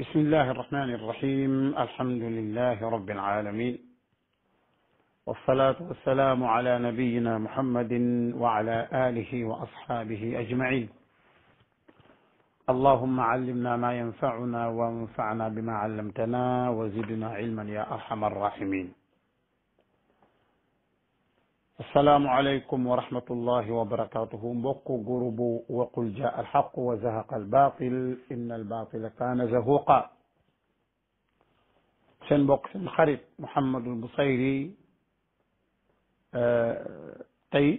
بسم الله الرحمن الرحيم الحمد لله رب العالمين والصلاة والسلام على نبينا محمد وعلى آله وأصحابه أجمعين اللهم علمنا ما ينفعنا وانفعنا بما علمتنا وزدنا علما يا أرحم الراحمين asalaamualeykum wa rahmatullahi wa barakatuhu mbokku gurubu waqul jaa alxaqu wa zahaqa albaatil inna albaatila kaana zahuqa seen mbokk seen xarit Mouhamadul Busayri eh, tey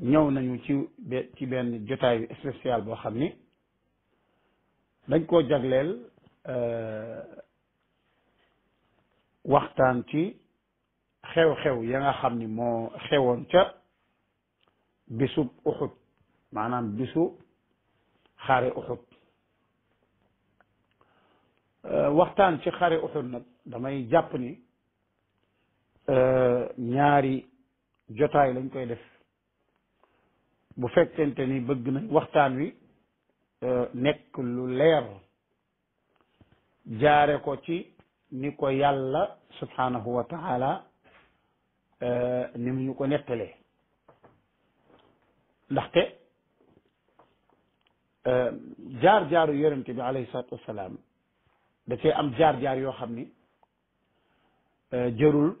ñëw nañu ci ci benn jotaayu spécial boo xam ni dañ koo jagleel eh, waxtaan ci xew-xew ya nga xam ni moo xewoon ca bisu uxut maanaam bisu xare uxut euh, waxtaan ci xare uxut nag damay jàpp ni euh, ñaari jotaay lañ koy def bu fekkente ni bëgg nañ waxtaan wi euh, nekk lu leer jaare ko ci ni ko yàlla subhanahu wa Euh, ni mu ñu ko nettalee ndaxte euh, jaar jaaru yonente bi alayhi salaatu wassalaam da cee am jaar jaar yoo xam ni euh, jërul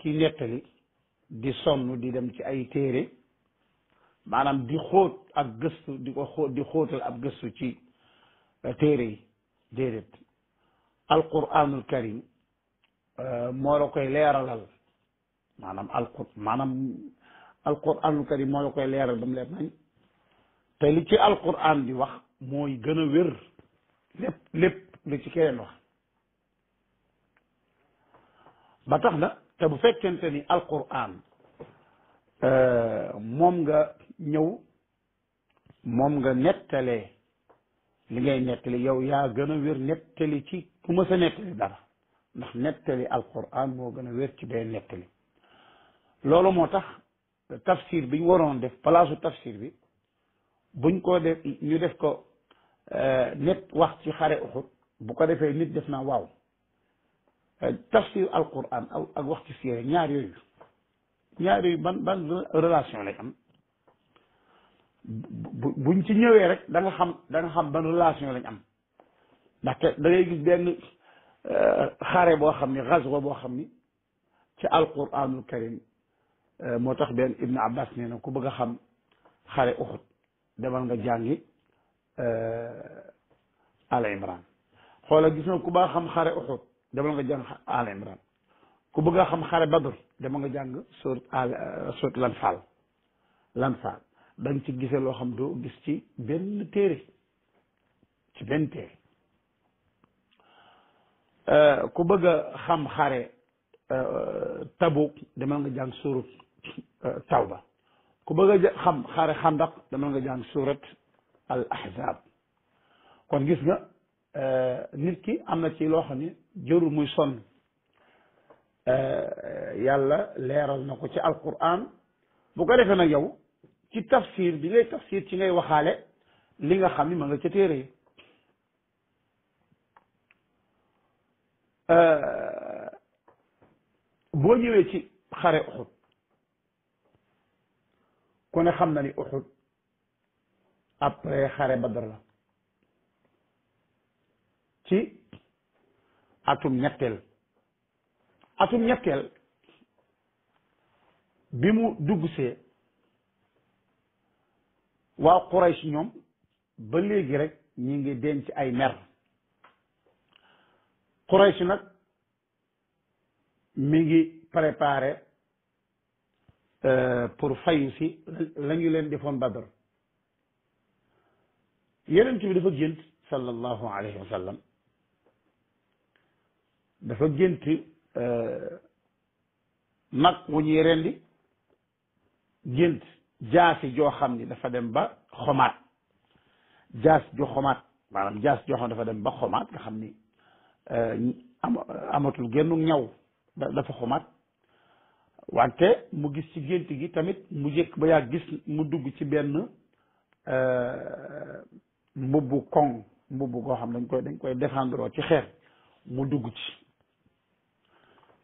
ki nettali di sonn di dem ci ay téere maanaam di xóot ak gëstu di ko xóot di xóotal ab gëstu ci téere yi déedéet alquranul karim moo la koy leeralal maanaam alqur maanaam alquranul karim moo la koy leeral ba mu leer nañ te li ci alquran di wax mooy gën a wér lépp lépp li ci keneen wax ba tax na te bu fekkente ni alquran euh, moom nga ñëw moom nga nettalee li ngay nettali yow yaa gën a wér nettali ci ku ma sa nettali dara ndax nettali alquran moo gën a wér ci day nettali loolu moo tax tafsir bi ñu waroon def palaasu tafsir bi buñ koo def ñu def ko euh, nit wax ci xare uxut bu ko defee nit def naa waaw euh, tafsir alquran ak wax ci siire ñaar yooyu ñaar yooyu ban ban relation lañ am buñ ci ñëwee rek da xam danga xam ban relation lañ am ndaxte da ngay gis benn euh, xare boo xam ni gazwa boo xam ni ci alquranul karim Euh, moo tax benn Ibn Abbas nee ku bëgg a xam xare Uhud demal nga jàngi euh, Al Imran xoola gis nga ku bëgg a xam xare Uhud demal nga jàng Al Imran ku bëgg a xam xare Badr demal nga jàng surat al euh, surat Lanfaal Lanfaal ci gisee loo xam doo gis ci benn téere ci benn téere ku bëgg a xam xare Tabuk demal nga jàng surut Euh, tawba ku bëgg a xam xare xandak dama nga jàng surat al ahzab kon gis nga euh, nit ki am na ci loo xam ne jërul muy sonn euh, yàlla leeral na ko ci alquran bu ko defee nag yow ci tafsir bi ngay tafsir ci ngay waxaale li nga xam ni ma nga ca boo ñëwee ci xare Uhud ku ne xam na ni Uhud après xare Badr la ci atum ñetteel atum ñetteel bi mu dugg see waa Quraysh ñoom ba léegi rek ñu ngi denc ay mer Quraysh nag mi ngi préparé Euh, pour fayu si la ñu leen defoon badar yonent bi dafa gént sallallahu alayhi wa sallam dafa gént nag woo ñu rendi gént jaasi joo xam ni dafa dem ba xomaat jaas ju xomaat maanaam jaas joo xam dafa dem ba xomaat nga xam ni euh, amatul génnu ñaw dafa xomaat wante mu gis ci gént gi tamit mu jëkk ba yaa gis mu dugg ci benn euh, mbubbu koŋ mbubbu koo xam dañ koy dañ koy défendre ci xeer mu dugg ci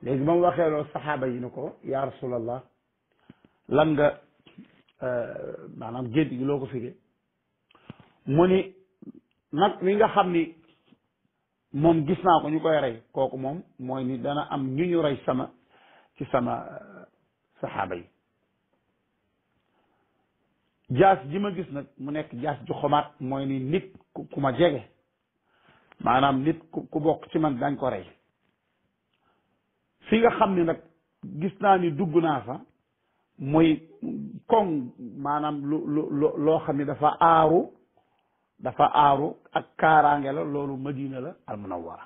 léegi ba mu waxee loolu saxaaba yi ni ko yaa rasulallah lan nga euh, maanaam gént gi loo ko firee mu ni nag mi nga xam ni moom gis naa ko ñu koy rey kooku moom mooy ni dana am ñu ñu rey sama ci sama saxaaba yi jaas ji ma gis nag mu nekk jaas ju xomaat mooy ni nit ku ma jege maanaam nit ku bokk ci man dañ ko rey fi nga xam ni nag gis naa ni dugg naa fa muy koŋ maanaam lu loo xam ni dafa aaru dafa aaru ak kaaraange la loolu madina la al munawwara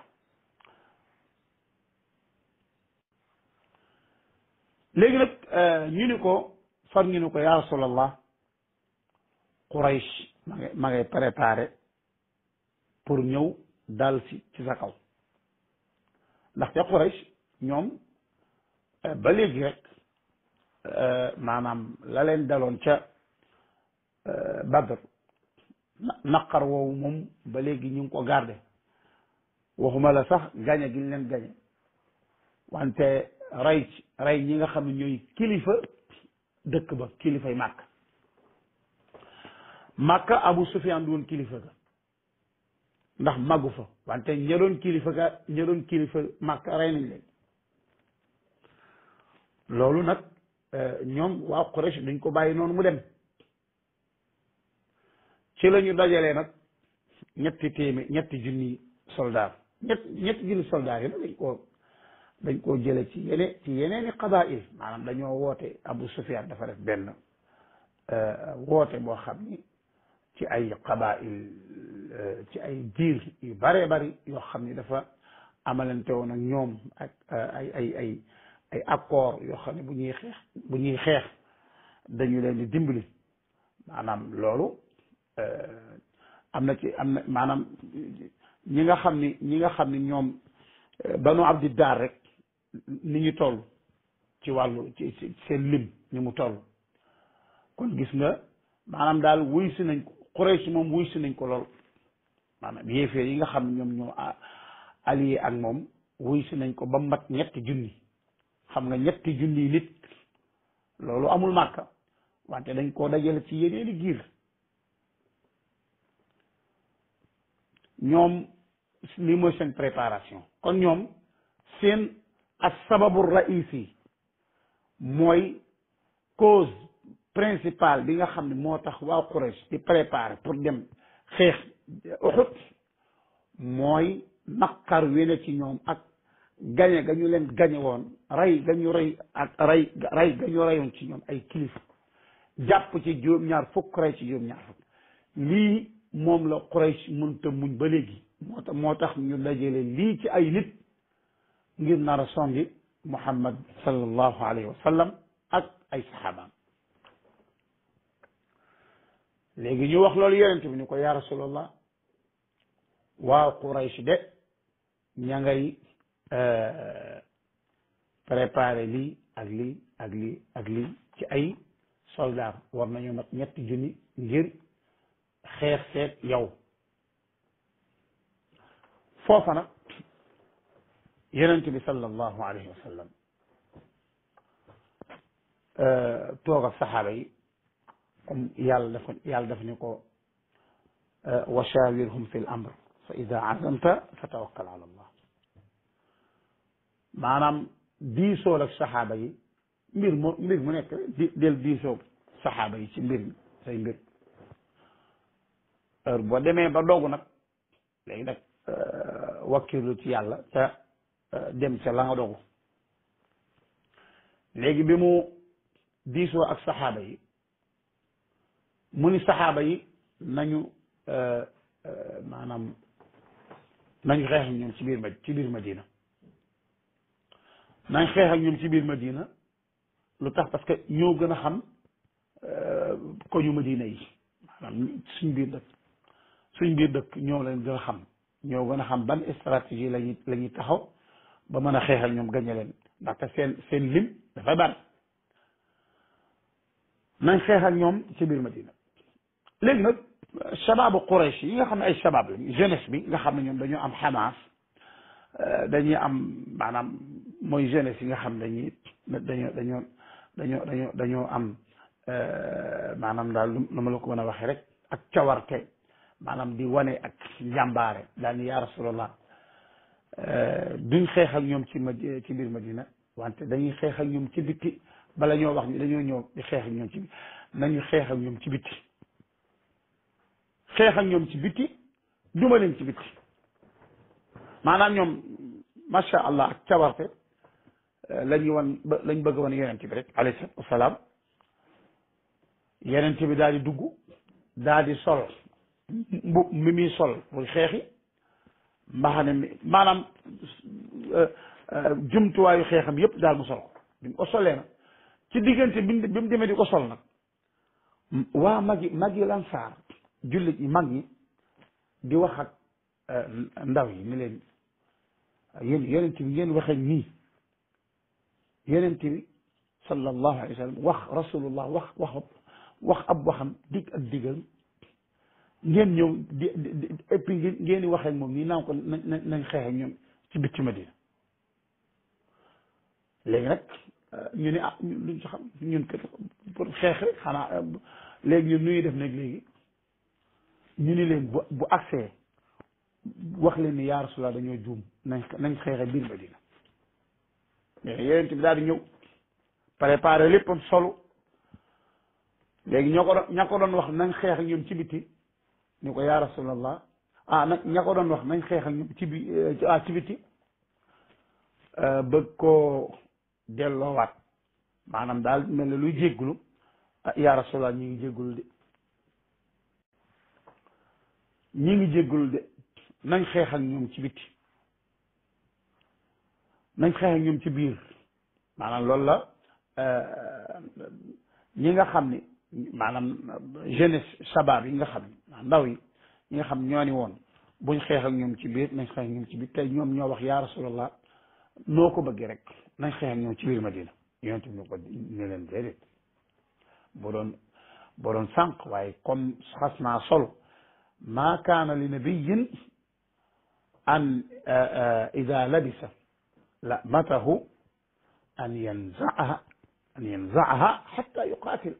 léegi nag Eh, ñu ni ko far ñu ni ko ya rasulallah quraish ma ngay ma ngay préparé pour ñëw dal si ci sa kaw ca quraish ñoom eh, ba léegi rek eh, maanaam la leen daloon ca Badr naqar woowu moom ba léegi ñu ngi ko garde waxuma la sax gañe gi leen gañe wante rey rey ñi nga xam ñooy kilifa dëkk ba kilifay màkk màkka abu sufiyaan du kilifa ga ndax màggu fa wante ña kilifa ga ña kilifa màkka rey nañ leen loolu nag eh, ñoom waa Quraysh dañ ko bàyyi noonu mu dem ci la ñu dajalee nag ñetti téeméer ñetti junni soldaar ñett ñetti junni soldaar yi nag dañ ko dañ koo jële ci yeneen ci yeneeni qabail maanaam dañoo woote Abu Sufyan dafa def benn euh, woote boo xam ni ci ay qabail euh, ci ay diir yu bëree bëri yoo xam ni dafa amalante woon ak ñoom ak euh, ay ay ay ay yoo xam ne bu ñuy xeex bu ñuy xeex dañu leen di dimbali maanaam loolu am na ci am na maanaam ñi nga xam ni ñi nga xam ni ñoom banu abdi daar rek ni ñu toll ci wàllu ci seen lim ni mu toll kon gis nga maanaam daal wuy si nañ ko Quraysh moom wuy nañ ko lool maanaam yéeféer yi nga xam ne ñoom ñoo allié ak moom wuy si nañ ko ba mat ñetti junni xam nga ñetti junni nit loolu amul màkka wante dañ koo dajale ci yeneeni giir ñoom lii mooy seen préparation kon ñoom seen ak sababu raisi mooy cause principal bi nga xam ne moo tax waa Quraysh di préparer pour dem xeex Uhud mooy naqar wi ne ci ñoom ak gañe ga leen gañe woon rey ga ñu rey ak rey rey ci ñoom ay kilifa jàpp ci juróom-ñaar fukk rey ci juróom-ñaar fukk lii moom la Quraysh mënta muñ ba léegi moo tax moo tax ñu dajale lii ci ay nit ngir nar a songi Muhammad sallallahu alayhi wa ak ay saxaabaam léegi ñu wax loolu yonent bi ni ko yaa rasulallah waaw Quraysh de ña ngay eh, préparé lii ak lii ak lii ak lii ci ay soldat war nañu mat ñetti junni ngir xeex seet yow foofa yonent bi sallallahu alayhi wa sallam euh, toog ak saxaaba yi comme yàlla daf yàlla daf ni ko euh, wa shawirhum fi l amr fa ida azamta fa tawakkal ala allah maanaam diisool ak saxaaba yi mbir mu mbir mu nekk di del diisoog saxaaba yi ci mbir mi say mbir heure boo demee ba dogu nag léegi nag euh, wakkilu ci yàlla ca dem ca la dogu léegi bi mu diisoo ak saxaaba yi mu ni saxaaba yi nañu euh, euh, maanaam nañ xeex ak ñoom ci biir ma ci biir ma Madina nañ xeex ak ñoom ci biir Madina lu tax parce que ñoo gën a xam euh, ko ma diina yi maanaam suñ biir dëkk suñ biir dëkk ñoo leen gën a xam ñoo gën a xam ban stratégie lañuy la ñuy taxaw ba mën a xeexal ñoom gañe leen ndaxte seen seen lim dafa bari nañ xeexal ñoom ci biir Madina léegi nag shababu Quraysh yi nga xam ne ay shabab lañu jeunesse bi nga xam ne ñoom dañoo am xamaas euh, dañuy am maanaam mooy jeunesse yi nga xam dañuy dañoo dañoo dañoo dañoo dañoo am euh, maanaam daal lu ma la ko mën a waxee rek ak cawarte maanaam di wane ak njàmbaare daal ni yaa rasulallah Euh, duñ xeex ak ñoom ci ma ci biir Madina wante dañuy xeex ak ñoom ci bitti bala ñoo wax ni dañoo ñëw di xeex ak ñoom ci nañu xeex ak ñoom ci bitti xeex ak ñoom ci bitti duma leen ci bitti maanaam ñoom macha allah ak cawarte euh, la ñu wan lañ bëgg wan yonent bi rek alayhi salaatu wasalaam yonent bi daal di dugg daal di sol mbu mi muy sol muy xeexi mbaxane mi maanaam euh, euh, jumtuwaayu xeexam yépp daal mu sol ko mu ko ci diggante bi mu demee di ko sol nag waa mag yi mag yi lan saar jullit ñi mag di wax ak euh, ndaw yi ni leen yéen yonent bi ngeen waxee nii yonent bi sallallahu alayhi wa wax rasulullah wax ab waxam dig ak digal ngeen ñëw di di ngeen di wax ak moom nii naan ko nañ nañ ak ñoom ci bitti Madina léegi nag euh, ñu ni ah ñun luñ ci xam ñun kat pour xeex rek xanaa euh, léegi ñun nu def nag léegi ñu ni leen bu bu accès wax leen ni yaa Rasulullah dañoo juum nañ nañ xeexe biir Madina mais yonent bi daal di ñëw préparé léppam solo léegi ñoo ko doon ña ko doon wax nañ xeex ak ñoom ci bitti. ni ko yaa rasulallah ah nag ko doon wax nañ xeexal ñu ci bi eh, ci biti eh, bëgg koo delloowaat maanaam daal mel ne luy jéggulu ah, yaa rasulallah ñu ngi jéggulu de ñi ngi jéggulu de nañ xeexal ñoom ci biti nañ xeexal ñoom ci biir maanaam loolu la eh, ñi nga xam ni maanaam jeunesse sabab yi nga xam ni ndaw yi ñi nga xam ñoo ni woon buñ xeex ak ñoom ci biir nañ xeex ak ñoom ci biir tey ñoom ñoo wax yaa rasulallah noo ko bëggee rek nañ xeex ak ñoom ci biir madina yonent bi ñu ko ñu leen déedéet boo doon boo doon sànq waaye comme xas naa sol maa kaana li nabiyin an eh, eh, ida labisa lamatahu an yanzaaha an yanzaaha xatta yuqaatil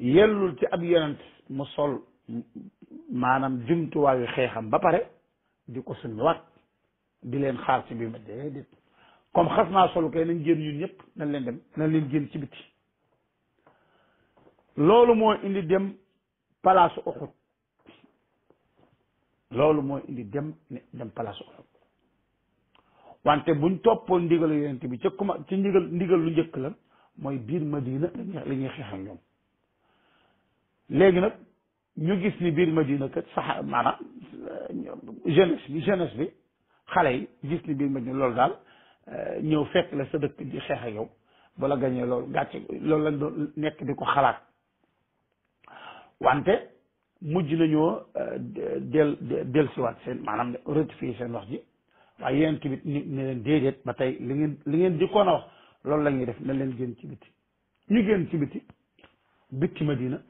yellul ci ab yonent mu sol maanaam jumtuwaayu xeexam ba pare di ko summiwaat di leen xaar ci biir ma déedéet comme xas naa solu kay nañ génn ñun ñëpp nañ leen dem nañ leen génn ci biti loolu moo indi dem palaasu Uxud loolu moo indi dem dem palaasu Uxud wante buñ toppoon ndigalu yonent bi ca kuma ci ndigal ndigal lu njëkk la mooy biir Madina la ñuy xeexal ñoom léegi nag ñu gis ni biir Madina kat sax maanaam euh, jeunesse bi jeunesse bi xale yi gis ni biir Madina loolu daal euh, ñëw fekk la sa dëkk di xeex a yow bala gañee lool gàcce loolu lañ doon nekk di ko xalaat wante mujj nañoo euh, del del siwaat seen maanaam rectifier seen wax ji waaye yéen tamit ni ne leen déedéet ba tey li ngeen li ngeen jëkkoon a wax loolu la ñuy def na leen génn ci biti ñu génn ci biti bitti Madina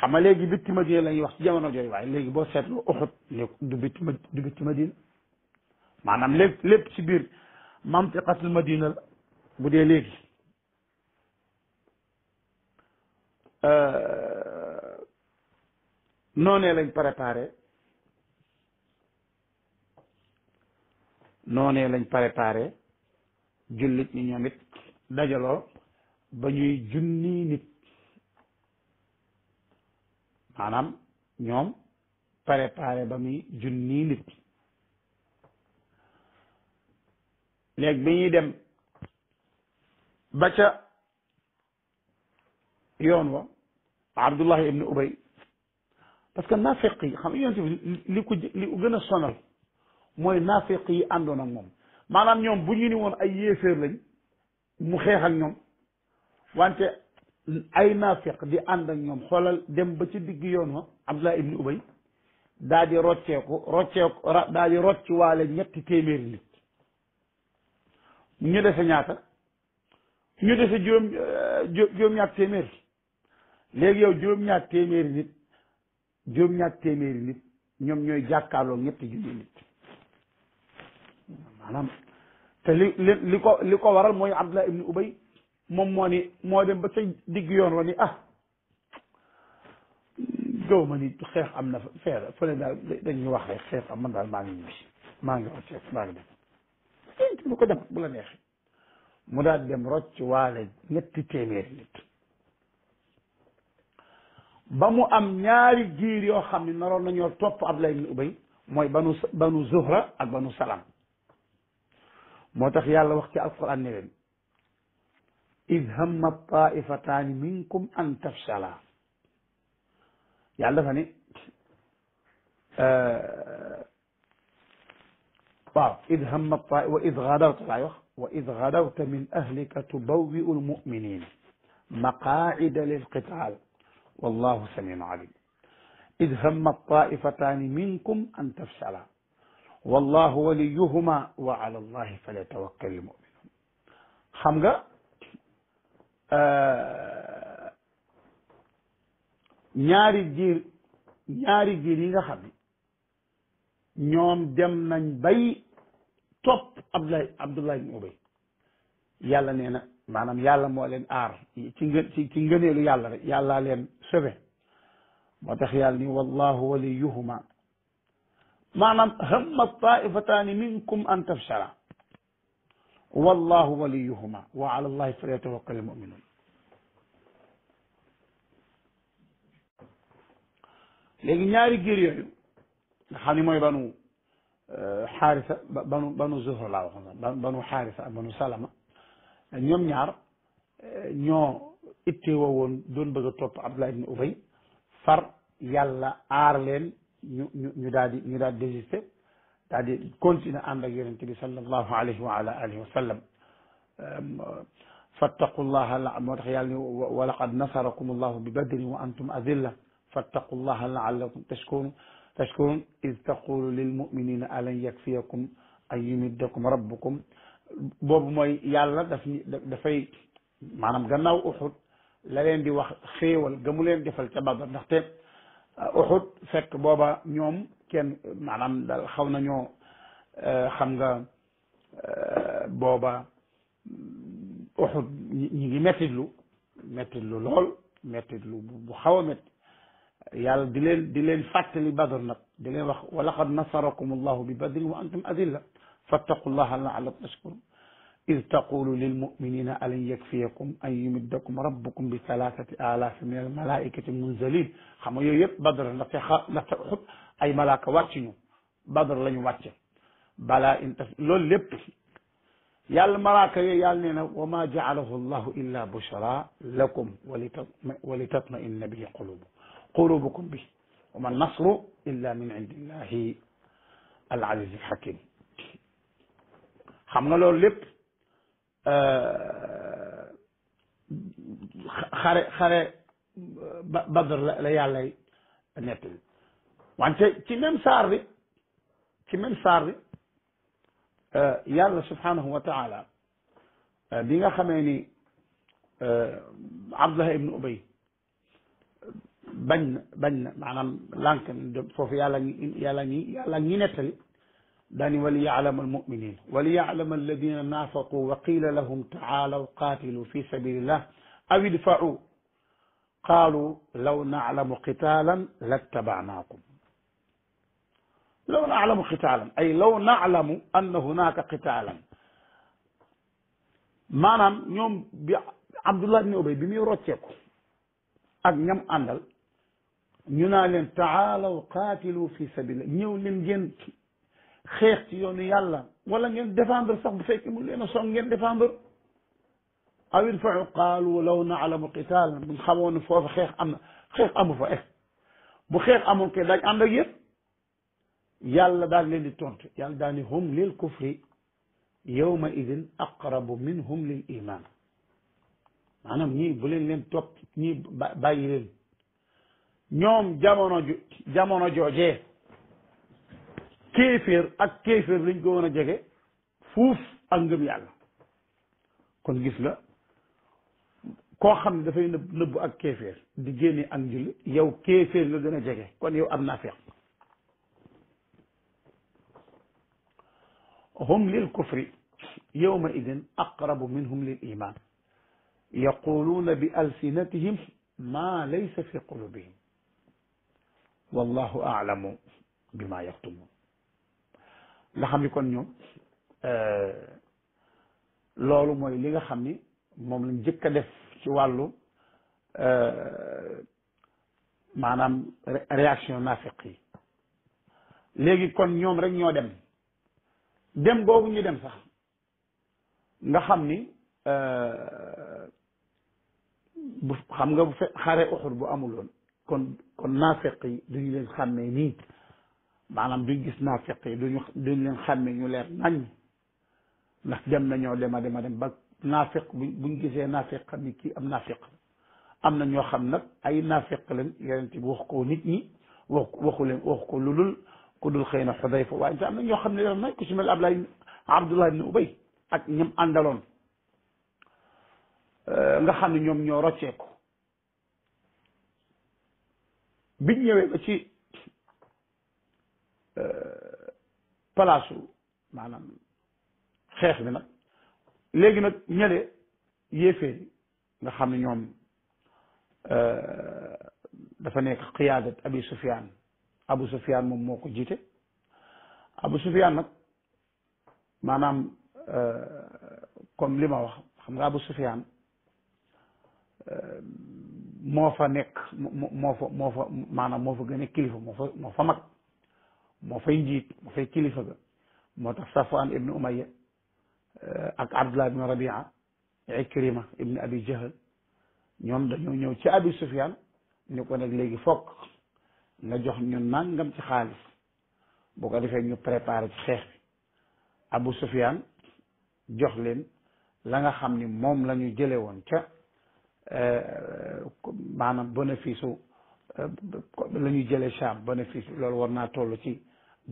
xam nga léegi bitti Madina la ñuy wax ci jamono jooju waaye léegi boo seetloo Uxud ne du bitti ma du bitti Madina maanaam lépp lépp ci biir mantiqatul Madina la bu dee léegi euh, noonee lañ préparé noonee lañ préparé jullit ñi ñoom it dajaloo ba ñuy junni nit maanaam ñoom préparé ba mi junni nit léegi bi ñuy dem ba ca yoon wa abdullahi ibn ubay parce que nafiq yi xam yonent bi li ko li ko mooy nafiq yi àndoon ak moom maanaam ñoom bu ñu ni woon ay yéeféer lañ mu xeexal ak ñoom wante ay naafiq di ànd ak ñoom xoolal dem ba ci digg yoon wa Abdullah ibn Ubay daa di rocceeku rocceeku daa di rocci waale ñetti téeméeri nit ñu dese ñaata ñu dese juróom euh, juróom-ñaar téeméer léegi yow juróom-ñaar téeméeri nit juróom-ñaar téeméeri nit ñoom ñooy jàkkaarloo ñetti junni nit maanaam te li li li ko li ko waral mooy Abdullah ibn Ubay moom moo ni moo dem ba sa digg yoon wa ni ah gaw ma ni xeex am na fa feera fële daal dañuy wax xeex am man daal maa ngi ñibbi maa ngi wàcceeg maa ngi dem ko dem la neexee mu daal dem rocc waale ñetti téeméeri ba mu am ñaari giir yoo xam ne naroon nañoo topp Abdullah ibn Ubay mooy banu banu Zuhra ak banu Salam moo tax yàlla wax ci alquran ne id hamma taifataani minkum an tafshala yàlla dafa ne waaw id hamma ta wa id gadarta laay wax wa id gadarta min ahlika tubawwi'u almu'minina maqaa'ida lilqitaal wallahu samiun alim id hamma taifataani minkum an tafshala wallahu waliyuhuma wa ala allahi falyatawakkal almu'minun xam nga Euh, ñaari giir ñaari giir yi nga xam ni ñoom dem nañ bay topp Abdoulaye Abdoulaye ibn Ubay yàlla nee na maanaam yàlla moo leen aar ci ngë ci ci ngëneelu yàlla rek yàllaa leen sauvé moo tax yàlla ni wallahu waliyuhuma maanaam hamma taifataani minkum an tafshara wallahu waliyuhuma wa ala allahi falyatawakkal almuminun léegi ñaari giir yooyu nga xam ne mooy banu euh, xaarisa banu banu zuhra laa waxoon sax banu xaarisa ak banu salama ñoom ñaar euh, ñoo itteewoo woon doon bëgg a topp Abdullah ibn Ubay far yàlla aar leen ñu ñu ñu daal di ñu daal di désister daal di continuer ànd ak yonent bi sallallahu alayhi wa ala alihi wa sallam ehm, fattaqullaha la moo tax yàlla ni wa laqad nasarakum allahu bi badrin wa antum adilla fattaqullaha laallakum tashkurun tashkurun id taqulu lil muminina alan yakfiyakum an yumiddakum rabbukum boobu mooy yàlla daf ñu dafay maanaam gannaaw uxud la leen di wax xéewal ga mu leen defal ca Badar ndaxte uxud fekk booba ñoom kenn maanaam daal xaw nañoo euh, xam nga euh, booba mm, Uhud ñi ngi mettitlu mettitlu lool mettitlu bu xaw a metti yàlla di leen di leen fàttali badr nag di leen wax wa laqad nasarakum allahu bi badrin wa antum adilla fattaqullaha laallakum tashkurun iz taqulu lil muminina alan yakfiyakum an yumiddakum rabbukum bi salaasati alaafi min al malaikati munzalin xam nga yooyu yëpp badr ndaxte xa ndaxte xut ay malaaka wàcc ñu badr la ñu wàcce balaa in taf loolu lépp yàlla malaaka yooyu yàlla nee na wa ma jaalahu llahu illa bushra lakum wa li tatmainna bihi qulubu qulubukum bi wa ma nasru illa min indillahi al aziz al hakim xam nga loolu lépp xare xare badr la la yàllay nettali wante ci même saar bi ci même saar bi euh, yàlla subhanahu wa taala euh, bi nga xamee ni euh, abdullah ibnu ubay bañ na bañ na maanaam lànk foofu yàlla ñi yàlla ñi yàlla ñi nettali daani waliyaalama almuminin waliyaalama alladina naafaqu wa qila lahum taalaw qatilu fi sabilillah aw idfau qaalu law naalamu qitaalan lattaba'naakum law naalamu qitaalan ay law naalamu anna hunaaka qitaalan maanaam ñoom bi Abdullah ibn Ubay bi muy rocceeku ak ñam àndal ñu naa leen taalaw qaatilu fi sabilillah ñëw leen ngeen xeex ci yoonu yàlla wala ngeen défendre sax bu fekkee mu leen a song ngeen défendre aw idfau qaalu law naalamu qitaal buñ xamoon ne foofu xeex am na xeex amu fa eh bu xeex amul kay daañ ànd ak yéen yàlla daal leen di tontu yàlla daal ni hum lil kufri yawma idin aqrabu minhum lil iman maanaam ñii bu leen leen topp ñii bàyyi leen ñoom jamono ju jamono joojee kéeféer ak kéeféer lañ ko mën a jege fuuf ak ngëm yàlla kon gis la koo xam ne dafay nëbb nëbb ak kéeféer di génne ak njul yow kéeféer nga gën a jege kon yow am naa feex hum lil kufri yawma idin aqrabu minhum lil iman yaquluuna bi alsinatihim ma laysa fi qulubihim wallahu aalamu bima yaktumun nga xam ni kon ñoom euh, loolu mooy li nga xam ni moom lañ njëkk a def ci wàllu euh, maanaam réaction naafiq yi léegi kon ñoom rek ñoo dem dem boobu ñu dem sax nga xam ni euh, bu xam nga bu fe xare uxur bu amuloon kon kon naafiq yi duñu leen xàmmee nii maanaam duñ gis naa feq yi duñu duñ leen xàmme ñu leer nañ ndax dem nañoo dema dema dem ba naafiq bu buñ gisee naafiq xam ni kii am naafiq am na ñoo xam nag ay naafiq lañ yonent wax ko nit ñi wax waxu leen wax ko lulul ku dul xëy na xudayfa waaye am na ñoo xam ne leer nañ ku si mel Ablaay Abdullah ibn Ubay ak ñam àndaloon nga xam ne ñoom ñoo rocceeku biñ ñëwee ba ci Euh, palaasu maanaam xeex bi nag léegi nag ñële yéeféer nga xam ne ñoom euh, dafa nekk qiyaadat abi sufyaan abu sufyaan moom moo ko jiite abu sufyaan nag maanaam euh, comme li ma wax xam nga abu sufyaan moo fa nekk moo fa moo fa maanaam moo fa gën a kilifa moo fa moo fa mag moo fay njiit moo fay kilifa ga moo tax Safwaan ibnu Umayya eh, ak Abdullah ibnu Rabia Ikrima ibnu Abi Jahal ñoom dañoo ñëw ci Abi Sufyaan ñu ko nag léegi fokk nga jox ñu nangam ci xaalis boo ko defee ñu préparé ci xeex bi Abu Sufyaan jox leen la nga xam ni moom la ñu jële woon ca eh, maanaam bénéfice eh, la ñu jële Sham bénéfice loolu war naa toll ci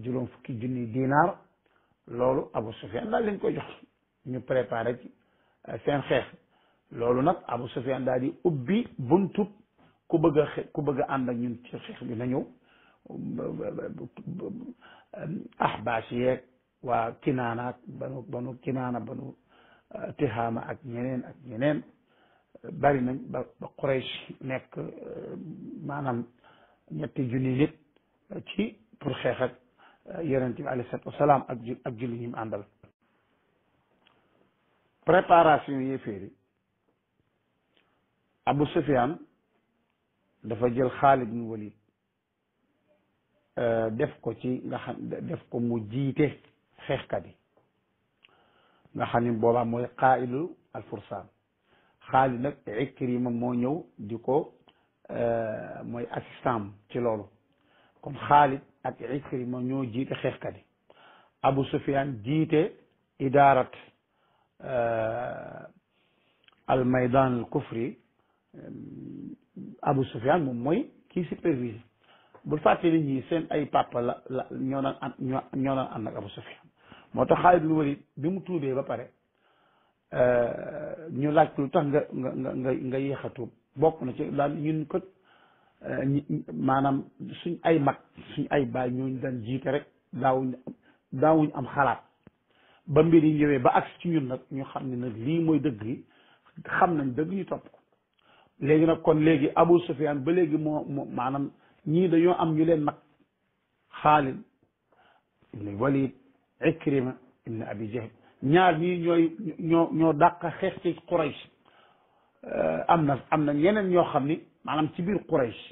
juróom fukki junniy dinaar loolu Abu Sufyan daal lañ koy jox ñu préparé ci euh, seen xeex loolu nag Abu Sufyan daal di ubbi buntub ku bëgg a ku bëgg a ak ñun ci xeex bi na ñëw euh, ahbaas yeeg waa kinaana ak banu banu kinaana banu euh, tihaama ak ñeneen ak ñeneen bari nañ ba ba nekk maanaam ñetti junni nit ci pour xeex ak yonent bi alayhi salaatu wasalaam ak ak julli ñim àndal préparation yi féeri Abu Sufyaan dafa jël Xaalid bin Walid euh, def ko ci nga xam def ko mu jiite xeexkat yi nga xam ni boobaa mooy qaaidu alfursaan Xaalid nag Ikrima moo ñëw di ko euh, mooy assistant ci loolu comme Xaalid ak Ikrima ñoo jiite xeexkat yi Abu Sufyan jiite idaarat euh, al maydan al kufri euh, Abu Sufyan moom mooy kii supervise bul fàtte nit ñi seen ay pàppa la la ñoo naan an ñoo ñoo naan ànd Abu Sufyan moo tax Xaalid ibn Walid bi mu tuubee ba pare euh, ñu laaj lu tax nga nga nga nga nga yéex a tuub bokk na ci daal ñun ko maanaam suñ ay mag suñ ay baay ñooñ daan jiite rek daawuñ daawuñ am xalaat ba mbir yi ñëwee ba ak ci ñun nag ñu xam ne nag lii mooy dëgg yi xam nañ dëgg ñu topp ko léegi nag kon léegi Abu Sufyaan ba léegi moo moo maanaam ñii dañoo am ñu leen mag Xaalid ibn Walid Ikrima ibn Abi ñaar ñii ñooy ñoo ñoo dàq xeex ci Quraysh am na am na ñeneen ñoo xam ni maanaam ci biir Quraysh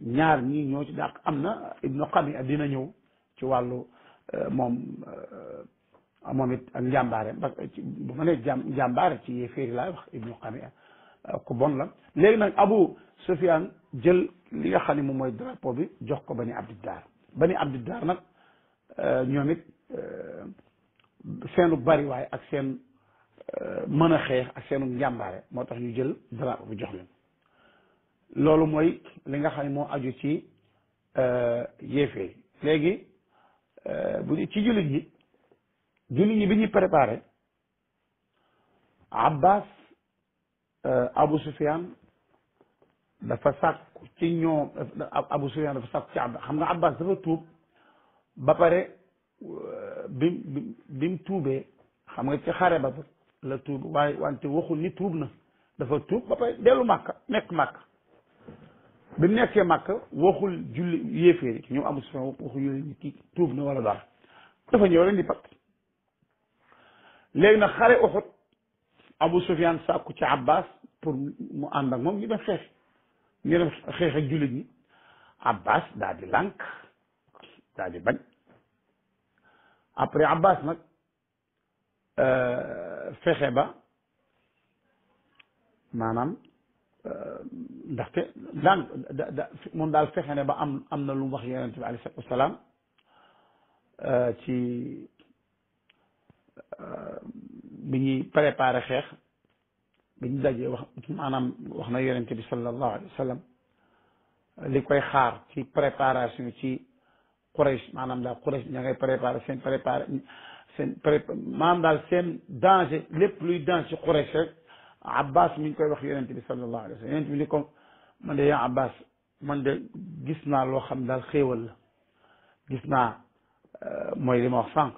ñaar ñii ñoo ci dàq am na ibnu Qamiya dina ñëw ci wàllu euh, moom euh, moom it ak njàmbaare parce bu ma nee jàm njàmbaare ci yéeféeri laay wax ibnu Qamiya euh, ku bon la léegi nag Abu Sufyaan jël li nga xam moom mooy drapeau bi jox ko bani Abdiddar bani Abdiddar nag ñoom it seenu waaye ak seen mën a xeex ak seenu njàmbaare moo tax ñu jël drapeau bi jox leen loolu mooy li nga xam ne moo aju ci euh, yéefee léegi euh, bu ñu ci jullit ñi jullit yi bi ñuy préparé abbas euh, abou sufyan dafa sàkku ci ñoom abou sufyan dafa sàkku ci abbas xam nga abbas dafa tuub ba pare bi bi mu tuubee xam nga ci xare ba la tuub waaye wante waxul ni tuub na dafa tuub ba pare dellu màkka nekk màkka bi mu nekkee màkk waxul julli yéeféer yi ñoom Abu Sufyaan waxul yooyu ni kii tuub na wala dara dafa ñëw leen di pat léegi nag xare Uhud Abu Sufyaan sàkku ci Abbas pour mu ànd ak moom ñu def xeex ñu def xeex ak jullit ñi Abbas daal di lànk daal di bañ après Abbas nag euh, fexe ba maanaam Euh, ndaxte moom daal fexe ne ba am am na lu mu wax yonente bi alayhi salaam euh, ci euh, bi ñuy préparé xeex bi ñu dajee wax maanaam wax na yonente bi sallallahu alayhi wa sallam li koy xaar ci préparation ci Quraysh maanaam daal Quraysh ña ngay préparé seen préparé seen pré maanaam daal seen danger lépp luy danger ci Quraysh rek abbas mi ngi koy wax yonent bi sallallahu alayhi wa sallam bi ni ko man de man de gis naa loo xam daal xéewal gis naa euh, mooy li ma wax sànq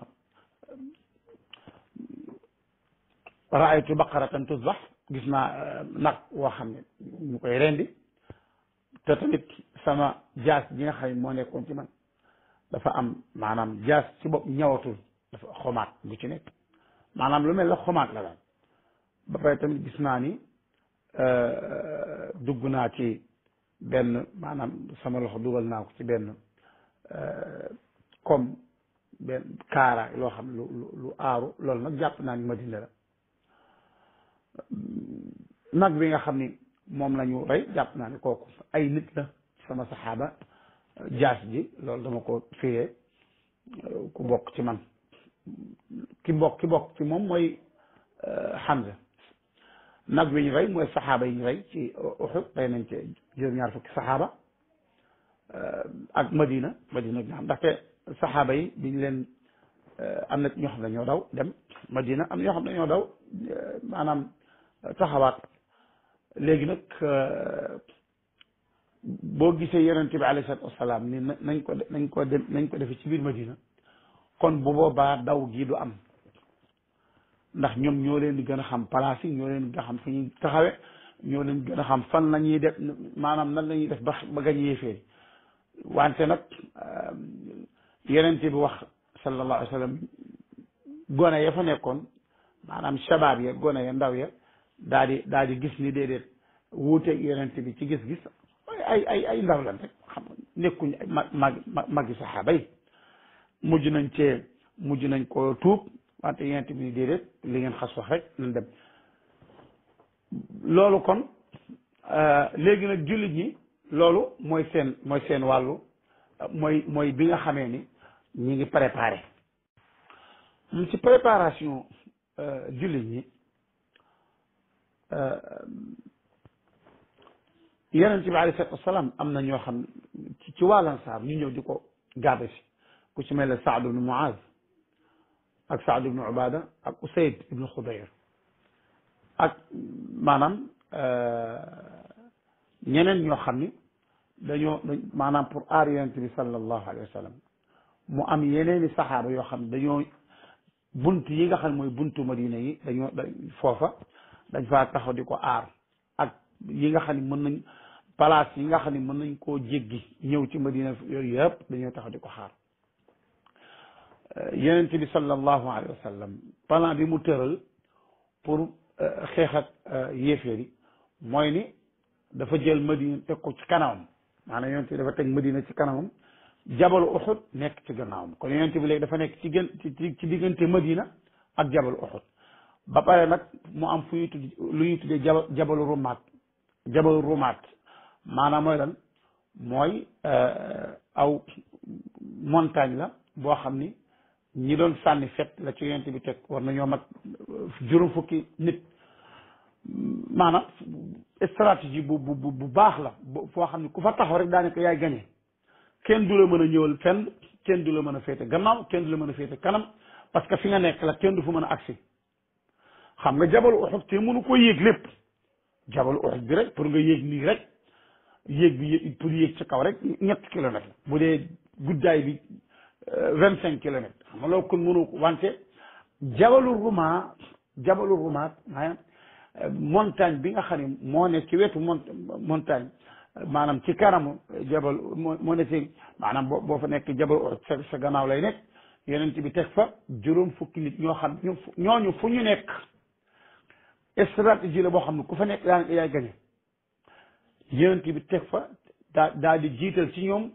raaytu baqaratan gis naa euh, nag woo xam ne ñu koy rendi te sama jaas gi nga xam yi moo nekkoon ci man dafa am maanaam jaas ci bopp ñawatul dafa xomaat gu ci nekk maanaam lu mel la xomaat la daal ba pare tamit gis naa ni dugg naa ci benn maanaam sama loxo dugal naa ko ci benn comme benn kaaraay loo xam lu lu aaru loolu nag jàpp naa ni Madina la nag bi nga xam ni moom la ñu rey jàpp naa ni kooku ay nit la sama saxaaba jaas ji loolu dama ko firee ku bokk ci man ki bokk ki bokk ci moom mooy Hamza nag bi ñu rey mooy saxaaba yi ñu rey ci Uhud rey nañ ci juróom-ñaar fukki saxaaba euh, ak Madina Madina bi ndaxte saxaaba yi diñ leen euh, am na ñoo xam ne ñoo daw dem Madina am na ñoo xam ne ñoo daw euh, maanaam taxawaat léegi nag boo gisee yonent bi alayhi salaatu wasalaam ni nañ ko nañ ko dem nañ ko defe ci biir Madina kon bu boobaa daw gii du am ndax ñoom ñoo leen di gën a xam place ñoo leen gën a xam ñoo leen gën a xam fan la ñuy def maanaam nan la ñuy def ba ba gañee fee wante nag euh, yeneen bi wax sallallahu alayhi gone ya fa nekkoon maanaam shabaab ya gone ya ndaw ya daal di daal di gis ni déedéet wuuteeg yeneen bi ci gis-gis ay ay ay ndaw rek xam nekkuñ mag mag magi saxaaba mujj nañ cee mujj nañ ko tuub wante yent bi déedéet li ngeen xas wax rek nan dem loolu kon euh, léegi nag jullit ñi loolu mooy seen mooy seen wàllu mooy mooy bi nga xamee ni ñu ngi préparé ci préparation euh, jullit ñi euh, yonent bi alayhi salaatu wasalaam am na ñoo xam ci wàllan saar ñu ñëw di ko gaabe si ku ci mel ne Saad ibn Muaz ak Saad ibnu Ubaada ak Usayd ibnu Xudayr ak maanaam euh, ñeneen ñoo xam ni dañoo maanaam pour aar yonent bi sallallahu alayhi wa mu am yeneeni saxaaba yoo xam dañoo bunt yi nga xam mooy buntu Madina yi dañoo foofa dañ faa taxaw di ko aar ak yi nga xam ne mën nañ place yi nga xam ne mën nañ koo jéggi ñëw ci Madina yooyu yëpp dañoo taxaw di ko xaar Euh, yonent bi sallallahu alayhi wa sallam bi mu tëral pour euh, xeex ak euh, yéeféer yi mooy ni dafa jël madina teg ko ci kanamam maanaam yonent bi dafa teg madina ci kanamam jabalu uxud nekk ci gannaawam kon yonent bi léegi dafa nekk ci gën ci ci diggante madina ak jabalu uxud ba pare nag mu am fu ñuy tudd lu ñuy tuddee jabalu rumaat jabalu rumaat maanaam mooy lan mooy aw montagne la boo xam ni ñi doon sànni fet la ci yonent bi teg war nañoo mag euh, juróom fukki nit maanaam stratégie bu bu bu baax la foo xam ne ku fa taxaw rek daanaka yaay gañe kenn du la mën a ñëwal fenn kenn du la mën a féete gannaaw kenn du la mën a féete kanam parce que fi nga nekk la kenn du fa mën a agsi xam nga jabalu Uhud te mënu ko yéeg lépp jabalu Uhud bi rek pour nga yéeg nii rek yéeg bi pour yéeg ci kaw rek ñetti kilomètres bu dee guddaay bi euh, vingt cinq kilomètres xam nga loolu kon mënu ko wante jabalu ruma jabalu ruma maanaam euh, montagne bi nga xam ne moo ne ci wetu mont maanaam ci kanamu jabal moo ne ci maanaam boo boo fa nekk jabal sa sa gannaaw lay nekk yonent bi teg fa juróom fukki nit ñoo xam ñu ñooñu fu ñu nekk stratégie la boo xam ne ku fa nekk daanaka yaay gañe yonent bi teg fa daa daal di jiital ci ñoom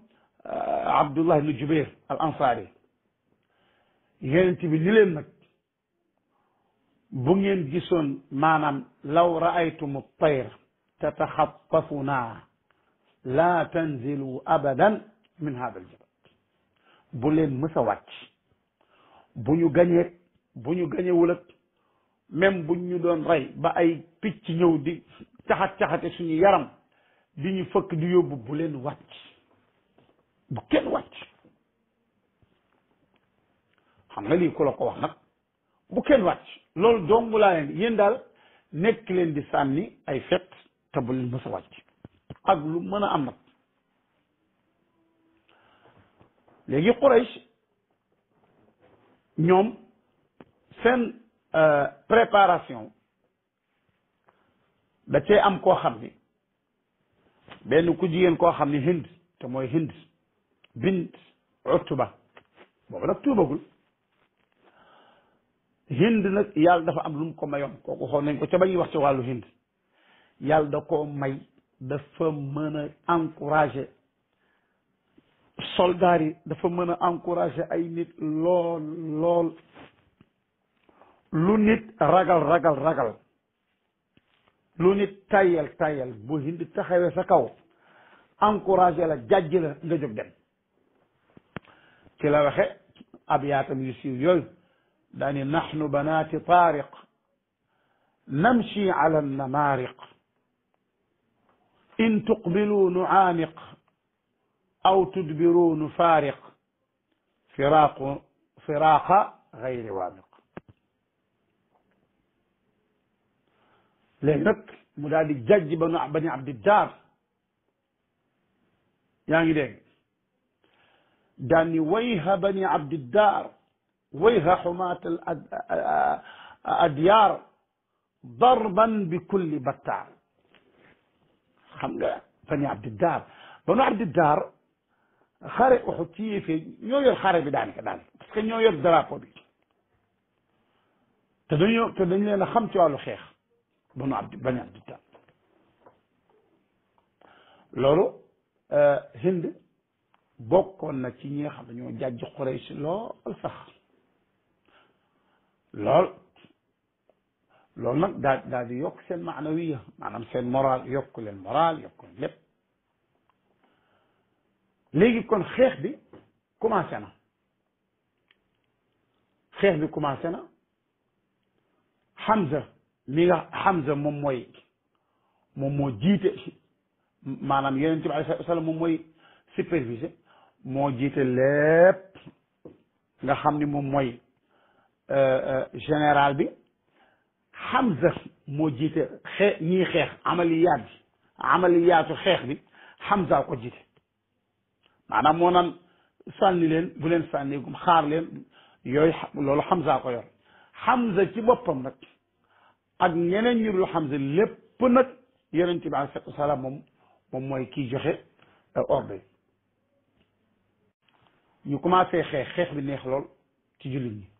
euh, Abdullah ibn Jubair al Ansari yonent bi li leen nag bu ngeen gisoon maanaam law raaytumu tayr tataxattafuna laa tanzilu abadan min hada aljabal bu leen mës a bu ñu gañeeg bu ñu gañewul ak même buñ ñu doon rey ba ay picc ñëw di caxat-caxate suñu yaram di ñu fëkk di yóbbu bu leen wàcc bu kenn wàcc xam nga lii ku la ko wax nag bu kenn wàcc loolu dong laa leen yéen daal nekk leen di sànni ay fet te bu leen mës ak lu mën a am nag léegi Quraysh ñoom seen euh, préparation da cee am koo xam ni benn ku jigéen koo xam ni hind te mooy hind bint utba boobu nag tuubagul hind nag yàlla dafa am lu mu ko mayoon kooku xool nañ ko ca ba ñuy wax ci wàllu hind yàlla da koo may dafa mën a encourager soldaar yi dafa mën a encourager ay nit lool lool lu nit ragal ragal ragal lu nit tayal tayal bu hind taxawee sa kaw encourager la jàjj la nga jóg dem ci la waxe ab yaatam yu siiw yooyu daani naxnu banaati taariq namshi ala annamaariq in tuqbilu nucaaniq aw tudbiru nufaariq firaaqu firaaqa gayri waabiq léegi nag mu daal di jajj ba nu bani abdiddar yaa ngi dégg daani wayha bani abdiddar ويها حماة الأديار ضربا بكل بتار xam nga bani abdiddaar banu abdiddaar xare Uhud ci yéefee ñoo yor xare bi daanaka daal parce que ñoo yor drapeau bi te dañoo te dañ leen a xam ci wàllu xeex banu abdi bani abdiddaar loolu Hind bokkoon na ci ñi nga xam ne ñoo jàjj Quraysh lool sax lool loolu nag daal daal di yokk seen maanawiya maanaam seen moral yokk leen moral yokk leen lépp léegi kon xeex bi commencé na xeex bi commencé na Hamza mi nga Hamza moom mooy moom moo jiite maanaam yonent bi alayhi salaam moom mooy supervisé moo jiite lépp nga xam ni moom mooy Euh, euh, général bi Hamza moo jiite xee ñii xeex amaliyaat bi amaliyaatu xeex bi Hamza ko jiite maanaam moo naan sànni leen bu leen sànni gum xaar leen yooyu loolu Hamza ko yor Hamza ci boppam nag ak ñeneen ñu dul Hamza lépp nag yonent bi alayhi salaam moom moom mooy kii joxe euh, ordre yi ñu commencé xeex xeex bi neex lool ci jullit ñi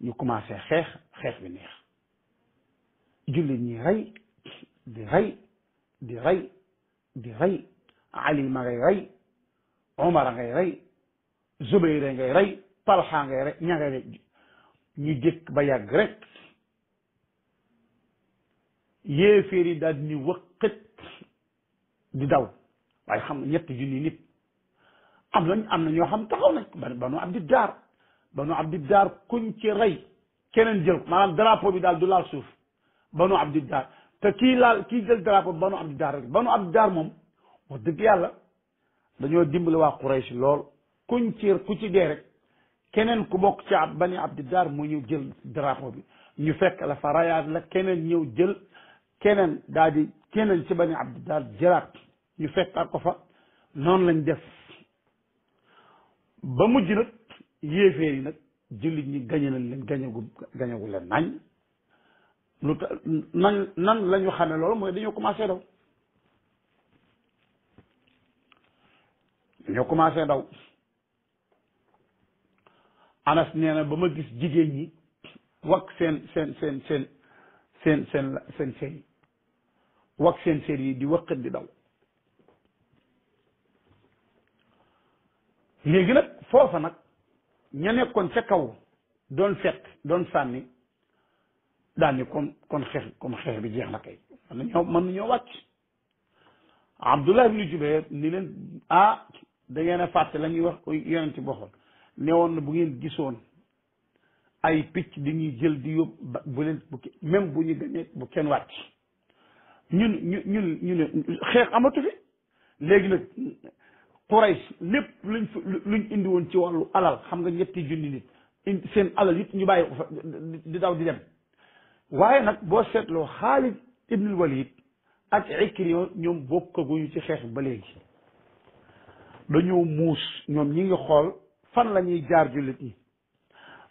ñu commencé xeex xeex bi neex jullit ñi rey di rey di rey di rey ali ma ngay rey omara ngay rey zubayra ngay rey talxa ngay rey ña ngay ba yàgg rek yéeféer yi daal ni di daw waaye xam nga ñetti junni nit am nañ am na ñoo xam taxaw na banu abdi daar banu abdiddaar kuñ ci rey keneen jël maanaam drapeau bi daal du laal suuf banu abdiddaar te kii laal kii jël drapeau banu abdiddaar rek banu abdiddaar moom wax dëgg yàlla dañoo dimbali waa Quraysh lool kuñ ci ku ci dee rek keneen ku bokk ci ab bani abdiddaar mu ñu jël drapeau bi ñu fekk la fa rayaat la keneen ñëw jël keneen daal di keneen ci bani abdiddaar jëlaat ñu fekkaat ko fa noonu lañ def ba mujj nag yéeféer yi nag jullit ñi gañe nañ leen gañagu gañagu leen nañ lu tax nan nan la ñu xamee loolu mooy dañoo commencé daw dañoo commencé daw anas nee na ba ma gis jigéen ñi wak seen seen seen seen seen seen seen seen yi wak seen seen yi di waqat di daw léegi nag foofa nag ña nekkoon ca kaw doon fet doon sànni daal ni kon kon xeex bi jeex na kay mën na mën nañoo wàcc Abdullah ibnu Jubayr ni leen ah da a fàtte la ñuy wax yonent ci boxoon ne woon na bu ngeen gisoon ay picc di ñuy jël di yóbbu bu leen bu même bu ñu gañee bu kenn wàcc ñun ñu ñun ñu ne xeex amatu fi léegi nag Quraysh lépp luñ indi woon ci wàllu alal xam nga ñetti junni nit indi seen alal yëpp ñu bàyyi ko di daw di dem waaye nag boo seetloo Xaalid ibnul Walid ak Ikriyo ñoom bokkaguñu ci xeex ba léegi dañoo muus ñoom ñi ngi xool fan la ñuy jaar jullit yi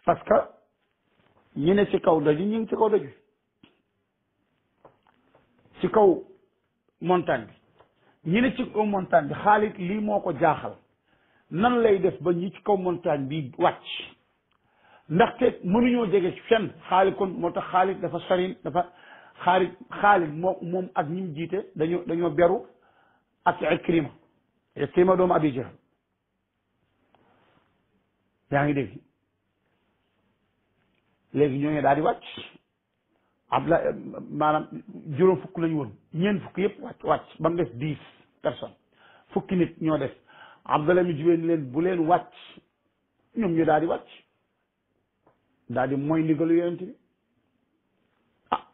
parce que ñi ne ci kaw daju ñi ngi ci kaw daju ci kaw montagne bi ñi ci kaw montagne bi Xaalid lii moo ko jaaxal nan lay def ba ñi ci kaw montagne bi wàcc ndaxte mënuñoo jege fenn Xaalid kon moo tax Xaalid dafa sori dafa Xaalid Xaalid moom ak ñi mu jiite dañoo dañoo beru ak Ikrima Ikrima doomu Abi Jahl yaa ngi dégg léegi ñoo ngi daal di wàcc ab la maanaam juróom fukk lañu woon ñeent fukk yëpp wàcc wàcc ba mu des dix nit ñoo des a mi Jubayr leen bu leen wàcc ñoom ñu daal di wàcc daal di mooy ndigalu yonent bi ah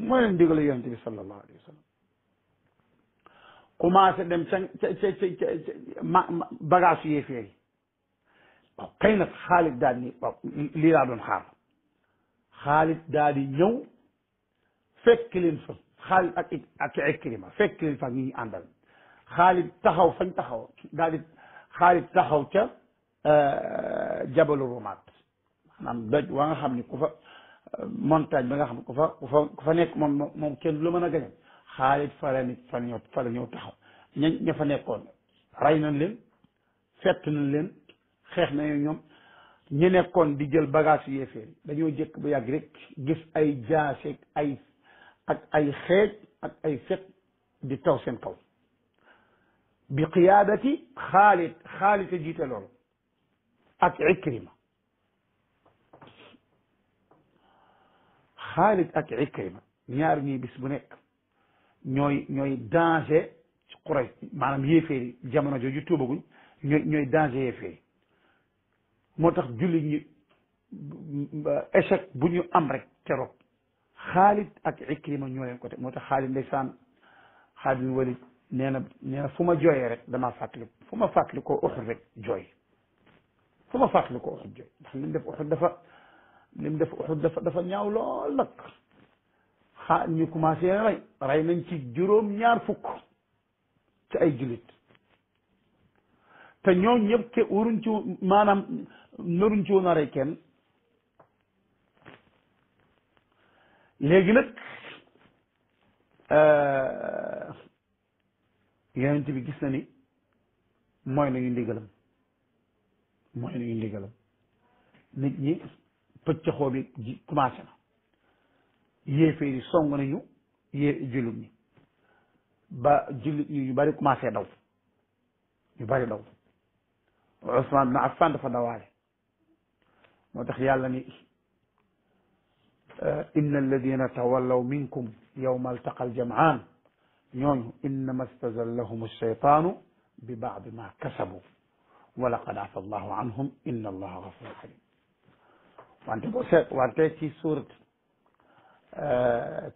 mooy leen ndigalu yonent bi sallallahu alayhi wa sallam commencé dem ca ca ca ca ca ma bagage yee fee waaw kay nag Xaalid daal ni lii laa doon xaar Xaalid daal ñëw fekk leen fa xaalid ak ak ikrima fekk leen fa ak ñu àndal xaalid taxaw fañ taxaw daal di taxaw ca euh, jabalu rumaat maanaam doj waa nga xam ni ku fa euh, montagne ba nga xam ku fa ku fa ku fa nekk moom kenn du la mën a gañe xaalid fa la fa ñëw taxaw ña ña fa nekkoon rey na leen fett nañ leen xeex na ñoom ñi nekkoon di jël bagage yéeféer dañoo jëkk bu yàgg rek gis ay jaaseeg ay ak ay xeej ak ay fet di taw seen kaw bi qiyaadati xaalid xaalid a jiite loolu ak ikrima xaalid ak ikrima ñaar ñuy bis bu nekk ñooy ñooy danger ci Quraysh maanaam yéeféeri jamono jooju tuubaguñ ñooy ñooy danger yéeféeri moo tax jullit ñi échec bu ñu am rek te rob xaalid ak ikrima ñoo leen ko teg moo tax xaalid ndeysaan xaalid walid nee na nee na fu ma jooyee rek damaa fàttali fu ma fàttali ko uxut jooy fu ma fàttali ko jooy ndax def uxut dafa li mu dafa dafa ñaaw lool nag xaa ñu commencé rey rey nañ ci juróom ñaar fukk ci ay jullit te ñoo ñëpp ke waruñ ci maanaam naruñ ci woon a kenn léegi nag euh, yonent bi gis na ni mooy nañu ndigalam mooy nañu ndigalam nit ñi pëccaxoo bi ji commencé na yéeféer yi song nañu yée jullit ñi ba jullit ñi ñu bari commencé daw ñu bari daw Ousmane bin Affan dafa dawaale moo tax yàlla ni inna alladina tawallaw minkum yawma altaqa aljam'an ñooñu innama stazallahum alcheytaanu bi baadi ma kasabu wa laqad afa allahu anhum inna allaha gafurun halim wante boo seet wante ci suurat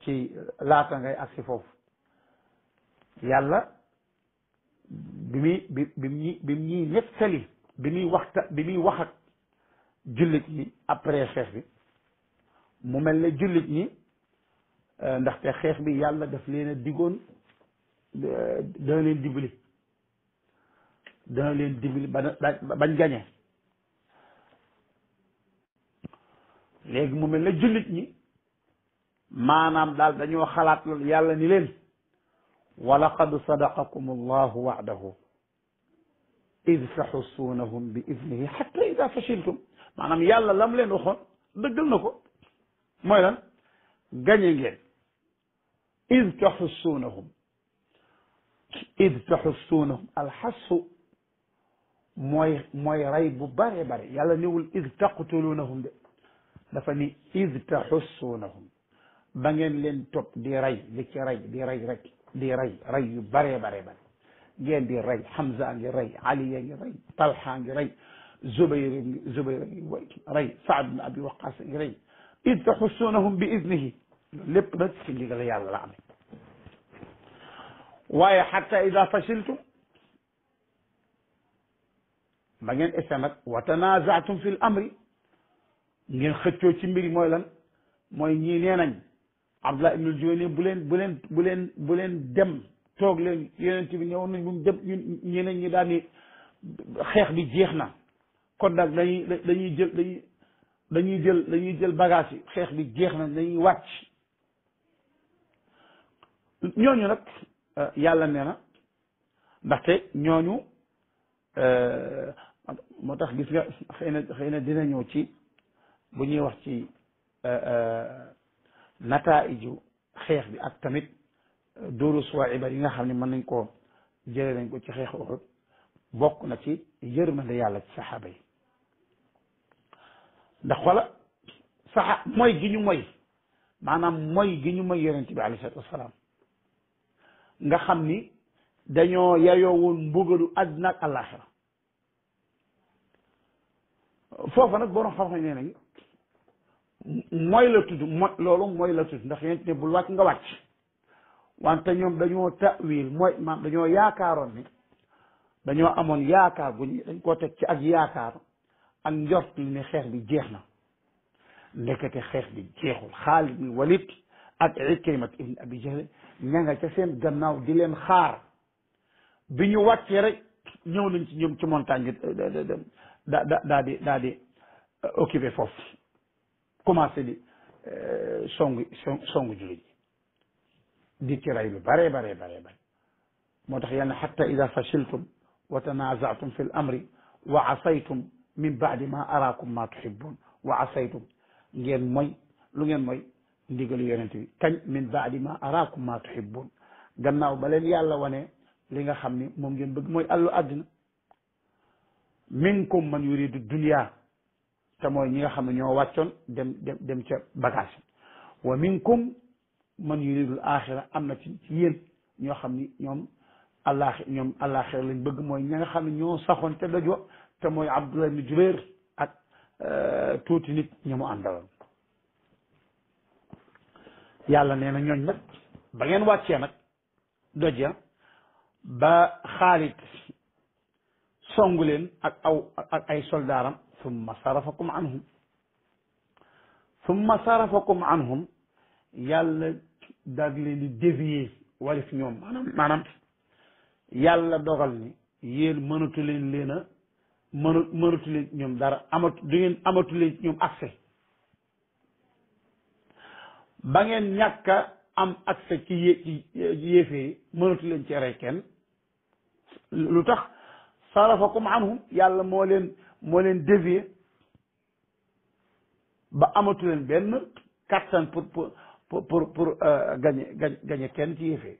ci laata ngay agsi foofu yàlla bi muy bi bi muy bi muy nettali bi muy waxta bi muy wax ak jullit yi après xeex bi mu mel ne jullit ñi euh, ndaxte xeex bi yàlla daf leen a digoon euh, dana leen dimbali dana leen dimbali ba bañ gañe léegi mu mel ne jullit ñi maanaam daal dañoo xalaat loolu yàlla ni leen wa laqad sadaqakum allahu wa'dahu id taxussuunahum bi idnihi xatta ida fashiltum maanaam yàlla lam leen waxoon dëggal na ko mooy lan gañe ngeen id taxussuunahum id taxussuunahum alxassu mooy mooy rey bu bare bare yàlla niwul id taqtuluunahum de dafa ni id taxussuunahum ba ngeen leen topp di rey di ci rey di rey rek di rey rey yu bare bare bare ngeen di rey Hamza ngi rey Ali ngi rey Talha ngi rey Zubayr ngi Zubayr ngi rey Saad bin Abi Waqaas ngi rey id taxussunahum bi iznihi lépp nag ci ndigal yàlla la amee waaye xatta ida fashiltum ba ngeen essa nag wa tanazatum fi l amri ngeen xëccoo ci mbiri mooy lan mooy ñii nee nañ Abdullah ibnul Juwayni bu leen bu leen bu leen bu leen dem toog leen yeneen bi ñëwoon nañ bu mu dem ñeneen ñi daal ni xeex bi jeex na kon nag dañuy dañuy jël dañuy dañuy jël dañuy jël bagage yi xeex bi jeex na dañuy wàcc ñooñu nag euh, yàlla nee na ndaxte ñooñu euh, moo tax gis nga xëy na xëy na dina ñëw ci bu ñuy wax ci euh, nataa'iju xeex bi ak tamit durus waa ibar yi nga xam ne mën nañ koo jëlee nañ ko ci xeexu Uhud bokk na ci yërmande yàlla ci saxaaba yi ndax xoola saxa mooy gi ñu moy maanaam mooy gi ñu moy yonent bi alayhi salaatu wasalaam nga xam ni dañoo yayoo woon mbugalu àdduna ak àllaaxira foofa nag borom xam-xam nee nañ mooy la tudd mooy loolu mooy la tudd ndax yonent ne bul wàcc nga wàcc wante ñoom dañoo tawil mooy maam dañoo yaakaaroon ni dañoo amoon yaakaar bu ñu dañ koo teg ci ak yaakaar ak njort ne xeex bi jeex na ndekete xeex bi jeexul Xaalid ibn Walid ak Ikrimat ibn Abi Jahl ña nga ca seen gannaaw di leen xaar bi ñu wàccee rek ñëw nañ ci ñoom ci montagne euh, euh, euh, da da daa di daa di occupé foofu commencé di songu songu jullit ñi di ci rey lu bare bare bare bare moo tax yàlla hatta ida fashiltum wa tanaza'tum fi l wa asaytum min baadi ma araakum ma tuhibbun wa asaytum ngeen moy lu ngeen moy ndigalu yonent bi kañ min baadi ma araakum ma tuhibbun gannaaw ba leen yàlla wane li nga xam ni moom ngeen bëgg mooy àllu àddina minkum man yuridu dunya te mooy ñi nga xam ne ñoo wàccoon dem dem ca bagage wa minkum man yuridul axira am na ci ci ñoo xam ni ñoom àllaaxi ñoom àllaaxira lañ bëgg mooy ña nga xam ne ñoo saxoon te doj te mooy Abdullah ibn Jubair ak euh, tuuti nit ñi mu àndaloon yàlla nee na nag ba ngeen wàccee nag doj ya ba Xaalid songu leen ak aw ak ay soldaaram summa sarafakum anhum summa sarafakum anhum yàlla daal leen di dévier walif ñoom maanaam maanaam yàlla dogal ni yéen mënatu leen leen a mënu mënatu leen ñoom dara amatu du ngeen amatu ñoom accès ba ngeen ñàkk am accès ci yé ci yéefee ci rey kenn lu tax ko ma anhum yàlla moo leen moo leen dévier ba amatu leen benn kàttan pour pour pour pour pour euh, gañe gañe kenn ci yéefee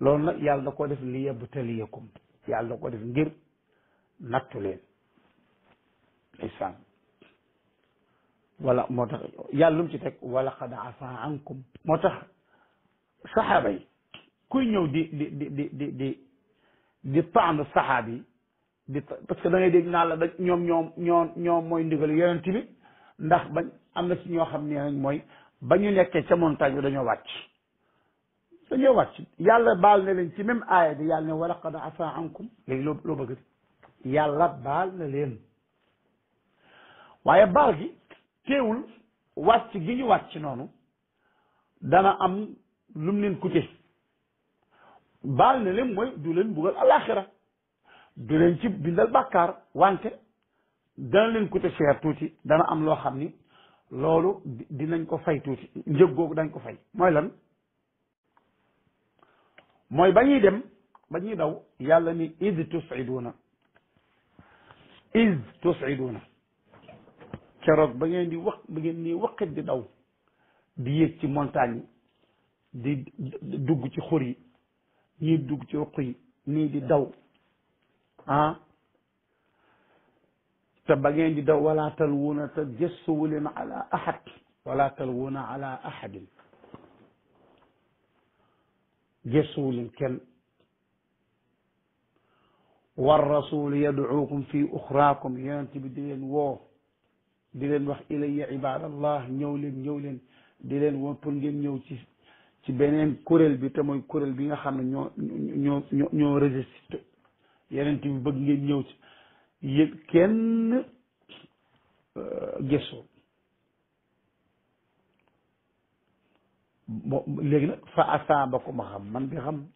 loolu nag yàlla da koo def li yebtaliyakum yàlla da ko def ngir nattu leen walla wala moo tax yàlla ci teg walla xad afa ankum moo tax saxaaba yi kuy ñëw di di di di di di di paandu saxaab yi di parce que da ngay naa la da ñoom ñoom ñoom mooy ndigal yonent bi ndax ba am na ci ñoo xam ne mooy ba ñu nekkee ca montagne bi dañoo wàcc dañoo wàcc yàlla baal ne leen ci même aaya bi yàlla ne wala qad afa ankum léegi loo loo bëgg yàlla baal na leen waaye baal gi teewul wàcc gi ñu wàcc noonu dana am lum leen kute baal na leen mooy du leen buggal alaxira du leen ci bindal bàkkaar wante dana leen kute feer tuuti dana am loo xam ni loolu dinañ ko fay tuuti njëg googu dañ ko fay mooy lan mooy ba ñuy dem ba ñuy daw yàlla ni id tusiduna is tus'iduuna keroog ba ngeen di wax ba ngeen ni waqit di daw di yéeg ci montagne di dugg ci xur yi ñii dugg ci ruq yi nii di daw ah te ba ngeen di daw wala talwuuna te gëstuwuleen ala ahad wala talwuuna ala ahadin gëstuwuleen kenn war rasulu yad'ukum fi uxraakum yonent bi di leen woo di leen wax ilayya ibadallah ñëw leen ñëw leen di leen woo pour ngeen ñëw ci ci beneen kuréel bi te mooy kuréel bi nga xam ne ñoo ñoo ñoo ñoo résisté yonent bëgg ngeen ñëw ci yëg kenn euh, gëstu léegi nag fa asaaba xam man bi xam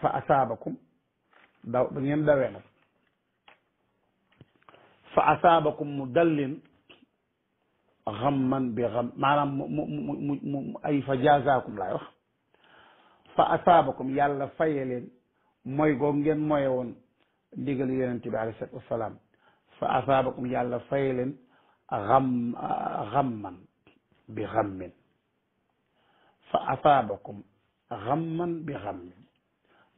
fa asaabakum daw da ngeen dawee nag fa asaabakum mu dal leen xamman bi xam maanaam mu mu mu ay fa jazaakum laay wax fa asaabakum yàlla faye leen mooy goog ngeen moye woon ndigal yonent bi alayhi salaatu wasalaam fa asaabakum yàlla faye leen xam bi xammin fa asaabakum xamman bi xammin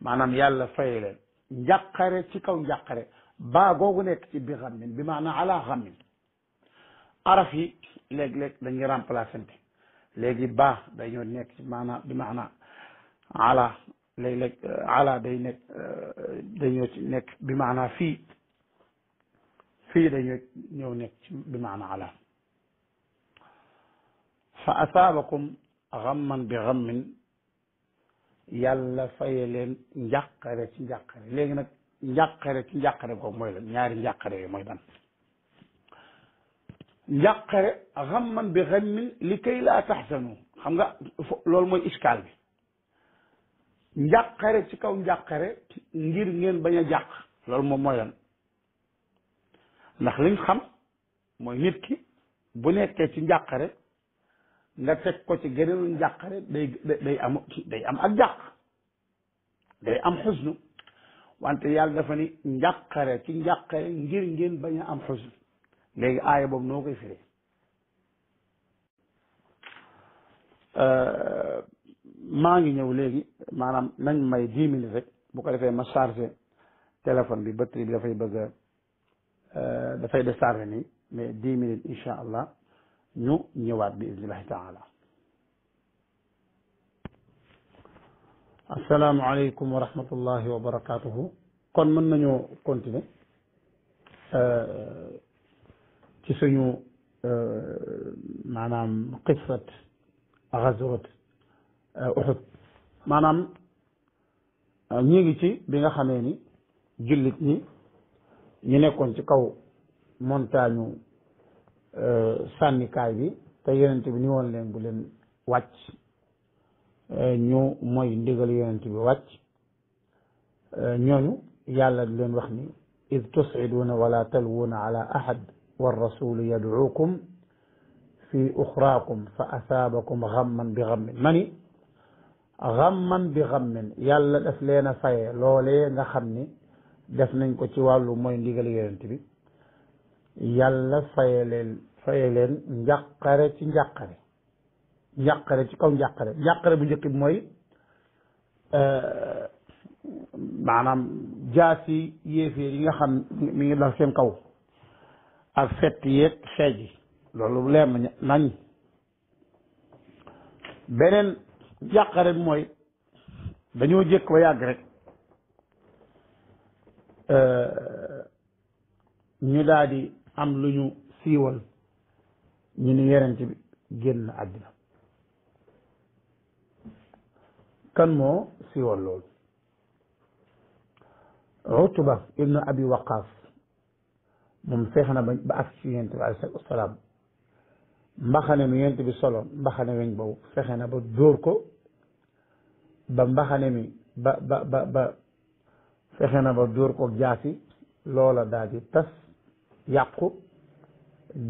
maanaam yàlla fay leen njàqare ci kaw njàqare baa googu nekk ci bi xammin bi maana ala xammin araf yi léeg-léeg dañuy remplacente léegi baa dañoo nekk ci maanaam bi maanaam ala léeg-léeg euh, day nekk euh, dañoo ci nekk bi maanaam fii fii dañoo ñëw nekk ci bi maanaam ala fa asaabakum xamman bi xammin yàlla faye leen njàqare ci njàqare léegi nag njàqare ci njàqare boobu mooy lan ñaari njàqare yooyu mooy ban njàqare xamman bi xammin li kay laa taxsanu xam nga loolu mooy iskaal bi njàqare ci kaw njàqare ngir ngeen bañ a jàq loolu moom mooy lan ndax liñ xam mooy nit ki bu nekkee ci njàqare nga teg ko ci geneenu njàqare day am day am ak jàq day am xusnu wante yàlla dafa ni njàqare ci njàqare ngir ngeen bañ a am xusnu léegi aaya boobu noo koy firee euh, maa ngi ñëw léegi maanaam nañ may dix minutes rek bu ko defee ma chargé téléphone bi batterie bi dafay bëgg euh, dafay déchargé nii mais dix minutes incha allah ñu ñëwaat bi iznillahi taala asalaamualeykum wa rahmatullahi wa barakatuhu kon mën nañoo continue euh, ci suñu euh, maanaam qissat gazwat euh, Uhud maanaam ñi ngi ci bi nga xamee ni jullit ñi ñu nekkoon ci kaw montagne Euh, sànnikaay bi te yonent bi ni woon leen bu leen wàcc euh, ñu mooy ndigal yonent bi wàcc euh, ñooñu yàlla di leen wax ni id tusiduuna wala talwuuna ala ahad warrasulu yadcuukum fi uxraakum fa asaabakum xamman bi xammin mani xamman bi xammin yàlla def leen a fayee loolee nga xam ni def nañ ko ci wàllu mooy ndigal yonent bi yàlla fayaleen fayaleen njàqare ci njàqare njàqare ci kaw njàqare njàqare bu njëkk bi mooy euh, maanaam jaasi yéeféer yi nga xam mi ngi dal seen kaw ak fett yeeg xeej yi loolu leem nañ beneen njàqare bi mooy dañoo jëkk ba yàgg rek euh, ñu daal di am lu ñu siiwal ñu ni yonent bi génn àddina kan moo siiwal loolu Utba ibnu Abi Waqaas moom fexe na ba ak si yonent bi alayhi salaam mbaxane mi yonent bi soloon mbaxane weñ boobu fexe na ba dóor ko ba mbaxane mi ba ba ba ba fexe na ba dóor ko jaasi loola daal di tas yàqu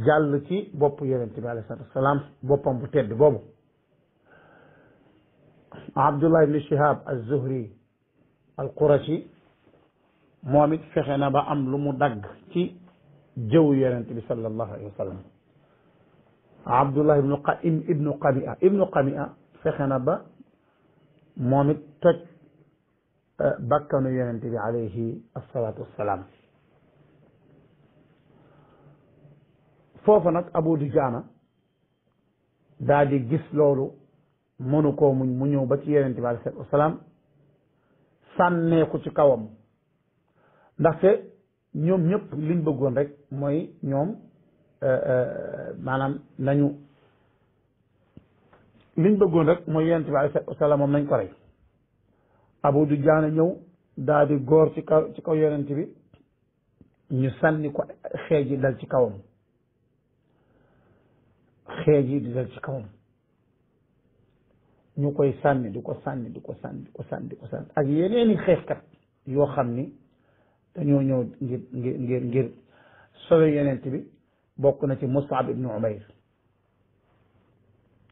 jàll ci bopp yonent bi alayhi salaatu wasalaam boppam bu tedd boobu abdullah ibni shihab az-zuhri al-qurashi moom it fexe na ba am lu mu dagg ci jëw yonent bi sallallahu alayhi wa sallam abdullah ibnu qa ibnu qamia ibnu qamia fexe na ba moom it toj eh, bakkanu yonent bi alayhi assalatu wassalam foofu nag Abu Dujaana daa di gis loolu mënu koo muñ mu ñëw ba ci Yonent bi alayhi salaatu wasalaam sànneeku ci kawam ndaxte ñoom ñëpp liñ bëggoon rek mooy ñoom euh, euh, maanaam nañu liñ bëggoon rek mooy Yonent bi alayhi wasalaam moom nañ ko rey Abu Dujaana ñëw daa di góor ci kaw ci kaw Yonent bi ñu sànni ko xeeji dal ci kawam xeej yi di dal ci kawam ñu koy sànni di ko sànni di ko sànni di ko sànni di ko sànni ak yeneeni xeexkat yoo xam ni dañoo ñëw ngir ngir ngir ngir sowe yonent bi bokk na ci Mus'ab ibnu Umayr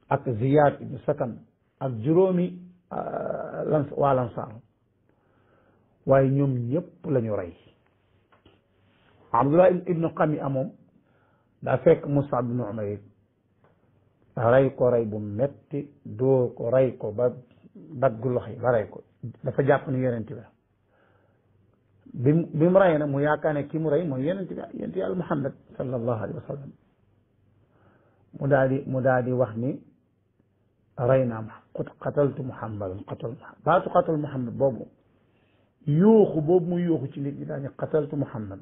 ak Ziyaad ibnu Sakan ak juróomi euh, lan waa Lansaar waaye ñoom ñëpp la ñu rey Abdullah ibnu Qami'a moom daa fekk Mus'ab ibnu Umayr rey ko rey bu metti dóor ko rey ko ba daggu loxo yi ba rey ko dafa jàpp ni yonent bi bi bi mu rey nag mu yaakaar ne ki mu rey mooy yonent bi yonent yàlla muhammad sallallahu alayhi wa mu daal mu daal wax ni ray naa ma qataltu muhammadan qatal muhammad baatu qatal muhammad boobu yuuxu boobu mu yuuxu ci li ñi daal ni qataltu muhammad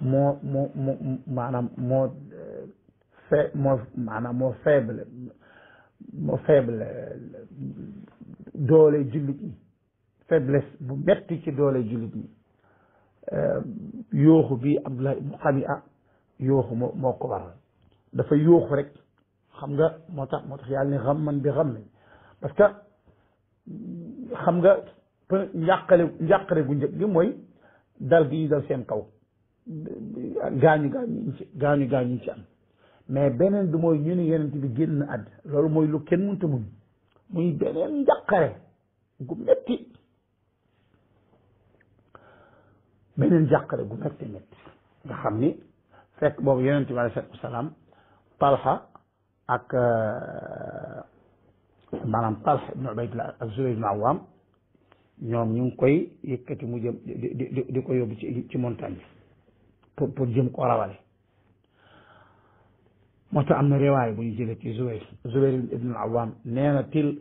moo moo moo maanaam moo fai maanaam moo faible moo faible doole jullit ñi faiblesse bu metti ci doole jullit ñi euh, yooxu bi Abdullah ibnu Qabi'a yooxu moo moo ko waral dafa yooxu rek xam nga moo tax moo tax yàlla ne xam man bi xam nañ parce que xam nga njàqale njàqare gu njëkk gi mooy dal gi ñu dal seen kaw gaañu gaañu gaañu gaañu ñu ci am mais beneen bi mooy ñu ni yonent bi génn àddina loolu mooy lu kenn mënta muñ muy beneen njàqare gu metti beneen njàqare gu metti metti nga xam ni fekk boobu yonent bi alayhi salaatu wasalaam Talha ak euh, maanaam Talha ibn Ubaydillah ak Zubayr ibn Awwam ñoom ñu ngi koy yëkkati mu jëm di di di ko yóbbu ci ci montagne bi pour pour jëm ko rawale moo tax am na riwaay bu ñu jëlee ci Zubayr Zubayr ibn al-Awwam nee na til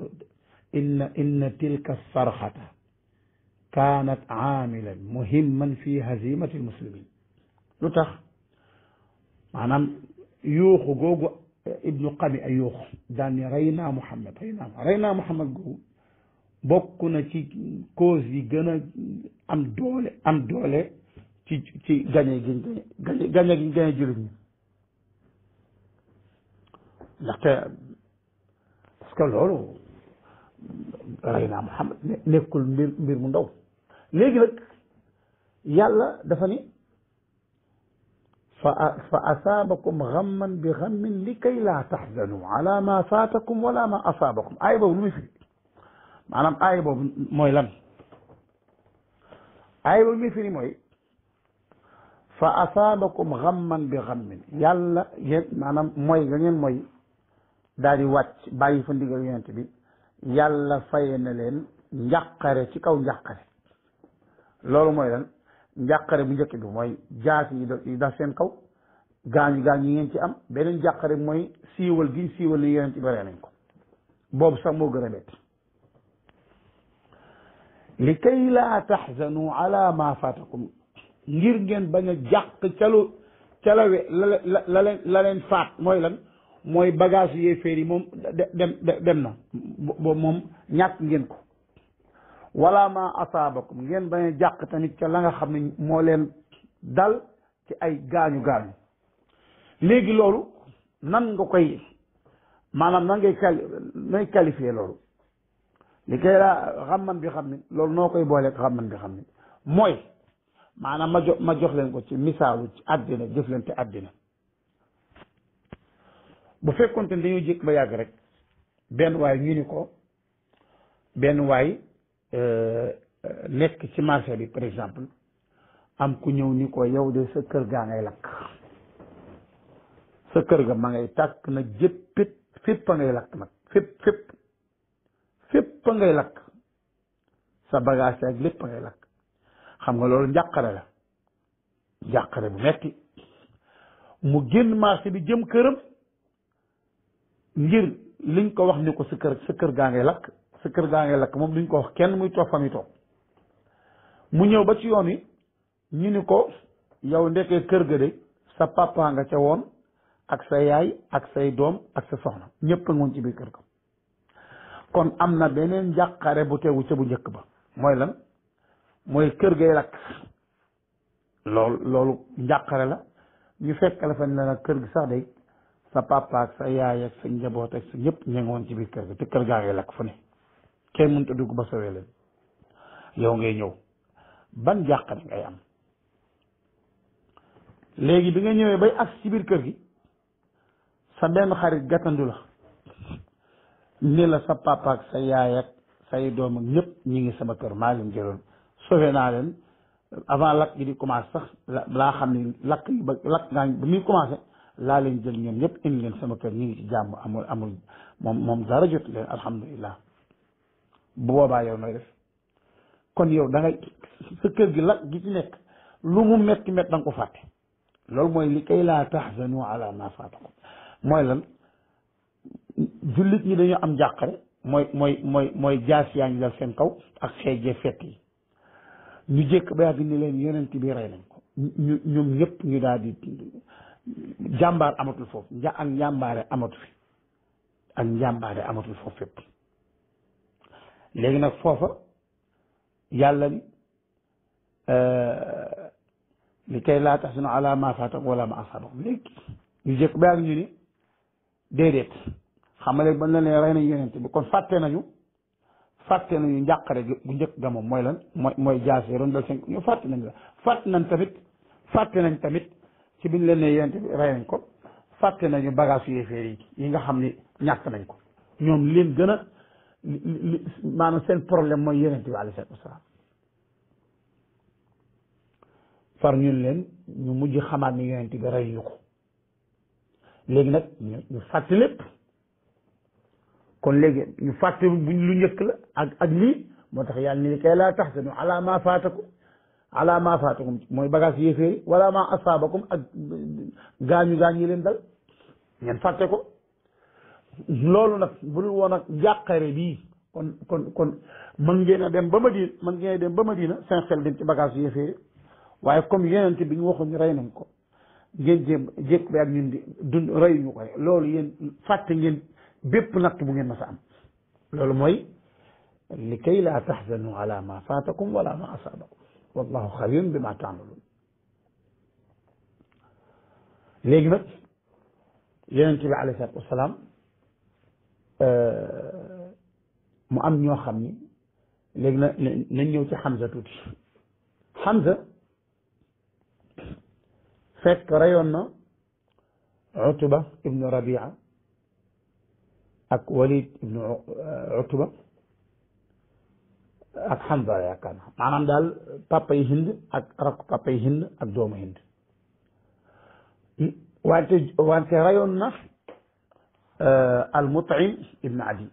inna inna tilka sarxata kaanat aamilan muhimman fi hazimati almuslimin lu tax maanaam yuuxu googu ibnu qami ay yuuxu daan ne rey naa Muhammad rey naa rey naa Muhammad googu bokk na ci cause yi gën a am doole am doole ci ci gañe gi gañe gañe gi gañe jullit ñi ndaxte parce que loolu rey naa Muhammad nekkul mbir mbir mu ndaw léegi nag yàlla dafa ni fa asaabakum xamman bi xammin li kay laa taxzanu ala ma faatakum wala ma asaabakum aaya boobu lu muy firi maanaam aaya boobu mooy lan aaya boobu muy firi mooy fa asaabakum xamman bi xammin yàlla yéen maanaam mooy ga ngeen mooy daal di wàcc bàyyi fa ndigal yonent bi yàlla faye na leen njàqare ci kaw njàqare loolu mooy lan njàqare bu njëkk bi mooy jaas yi daf seen kaw gaañu gaañu yi ngeen ci am beneen njàqare bi mooy siiwal giñ siiwal li yonent bi ree nañ ko boobu sax moo gën a métti li kay laa taxzanu ala faatakum ngir ngeen bañ a jàq calu calawe la la leen la leen faat mooy lan mooy bagage yéeféer yi moom dem dem na moom ñàkk ngeen ko wala ma asaabakum ngeen ba a jàq tamit ca la nga xam ne moo leen dal ci ay gaañu gaañu léegi loolu nan nga koy maanaam nan ngay quali loolu li koy laa xamman bi xam ne loolu noo koy booleeg xamman bi xam ne mooy maanaam ma jox ma jox leen ko ci misaalu ci àddina jëflante àddina bu fekkoonte ne dañoo jékk ba yàgg rek benn waay ñu ni ko benn waay euh, euh, nekk ci marché bi par exemple am ku ñëw ni ko yow de sa kër gaa ngay lakk sa kër ga ma ngay tàkk nag jëpp fépp a ngay lakk nag fépp fépp a ngay lakk sa bagage ak lépp a ngay lakk xam nga loolu njàqare la njàqare bu metti mu génn marché bi jëm këram ngir liñ ko wax ni ko sa kër sa kër gaa ngay lakk sa kër gaa ngay lakk moom duñ ko wax kenn muy toog fa muy mu ñëw ba ci yoon wi ñu ni ko yow ndekee kër ga de sa papa nga ca woon ak sa yaay ak say doom ak sa soxna ñëpp a ngoon ci biir kër ga kon am na beneen njàqare bu tegu ca bu njëkk ba mooy lan mooy kër gay lakk loolu loolu njàqare la ñu fekk la fa ne la kër gi sax day sa papa ak sa yaay ak sa njaboot ak sa ñëpp ña woon ci biir kër gi te kër gaa ngi lakk fu ne kenn mënut a dugg ba sowee leen yow ngay ñëw ban jàqare ngay am léegi bi nga ñëwee bay agsi ci biir kër gi sa benn xarit gàttandu la ne la sa papa ak sa yaay ak say doom ak ñëpp ngi sama kër maa leen jëloon sauvé naa leen avant lakk gi di commencé sax laa xam ni lakk ba lakk ngaa ba muy commencé laa leen jël ñoom ñëpp indi leen sama kër ñu ngi ci jàmm amul amul moom moom dara jot leen alhamdulilah bu boobaa yow nooy def kon yow da ngay sa kër gi la gi ci nekk lu mu metti mett da ko fàtte loolu mooy li kay laa tahzanu ala ma faatakum mooy lan jullit ñi dañoo am jàqare mooy mooy mooy mooy jaas yaa ngi dal seen kaw ak xeejee fett yi ñu jëkk ba yàgg ni leen yonent bi rey nañ ko ñu ñoom ñëpp ñu daal di jàmbaar amatul foofu nja ak njàmbaare amatu fi ak njàmbaare amatul foofu fépp léegi nag foofa yàlla euh, li kay laa tax sunu ala ma faatakum wala ma asaabakum léegi ñu jëkk ba ak ñu ni déedéet xam nga ba ñu ne rey nañu kon fàtte nañu fàtte nañu njàqare bu njëkk ga nañ la fàtte nañ tamit fàtte nañ tamit ci biñ leen ne yent bi rey nañ ko fàtte nañu bagage yéeféer yi yi nga xam ni ñàkk nañ ko ñoom leen gën a maanaam seen problème mooy yonent bi alayhi salaatu wasalaam far ñun leen ñu mujj xamaat ni yonent bi rey ñu ko léegi nag ñu fàtte lépp kon léegi ñu fàtte bu lu njëkk la ak ak lii moo tax yàlla ni kay laa tax sanu ala ma faataku ala ma faatakum mooy bagage yéeféeri wala ma asaabakum ak gaañu gaañ yi leen dal ngeen fàtte ko loolu nag bu dul woon ak jàqare bii kon kon kon mën ngeen a dem ba Madina mën ngeen a dem ba Madina sincel dem ci bagage yéeféeri waaye comme yeneen yenente bi ñu waxoon rey nañ ko ngeen jéem jékk bi ak ñun di dund reyuñu koy loolu yéen fàtte ngeen bépp natt bu ngeen ma a am loolu mooy li kay laa taxzanu ala ma faatakum wala ma asaabakum wallahu xabirun bi ma taamaluun léegi nag yonent bi alayhi salaatu wasalaam euh, mu am ñoo xam ni léegi na nañ ñëw ci Hamza tuuti Hamza fekk rayoon na Utba ibnu Rabia ak Walid ibnu euh, Utba ak Hamza yaakaar na maanaam daal papa yi Hind ak rakk papa yi Hind ak doomu Hind wante wante rayoon na euh, al Mut'im ibn Adi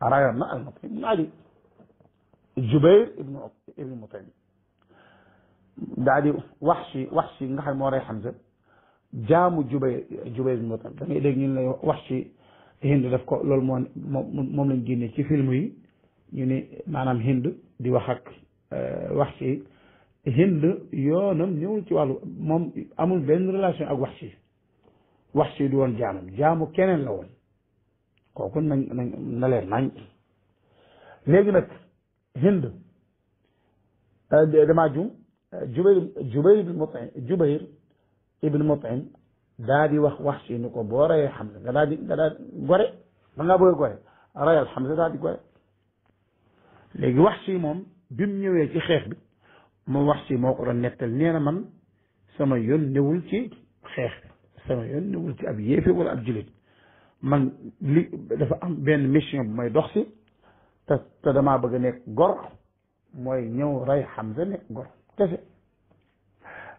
rayoon na al Mut'im ibn Adi Jubayr ibn ibn Mut'im daa di Wahshi Wahshi nga xam moo rey Hamza jaamu Jubayr Jubayr ibn Mut'im da ngay dégg ñu ne Wahshi Hind daf ko loolu moo moom lañ génnee ci film yi ñu ni maanaam hind di waxak ak euh, wax ci hind yoonam ñëwul ci wàllu moom amul benn relation ak wax ci wax ci du woon jaamam jaamu keneen la woon kooku nañ nañ na leer nañ léegi nag hind euh, damaa jum jubayr jubayr ibn mutim jubayr di wax wax ci ko boo rayee xam nga daa di nga daa gore ba ngaa bëgg gore rayal xam nga daa gore léegi wax sii moom bi mu ñëwee ci xeex bi mu wax si moo ko doon nettal nee na man sama yoon newul ci xeex sama yoon newul ci ab yéefe wala ab jullit man li dafa am benn mission bu may dox si te te damaa bëgg a nekk gor mooy ñëw rey xam nekk gor kese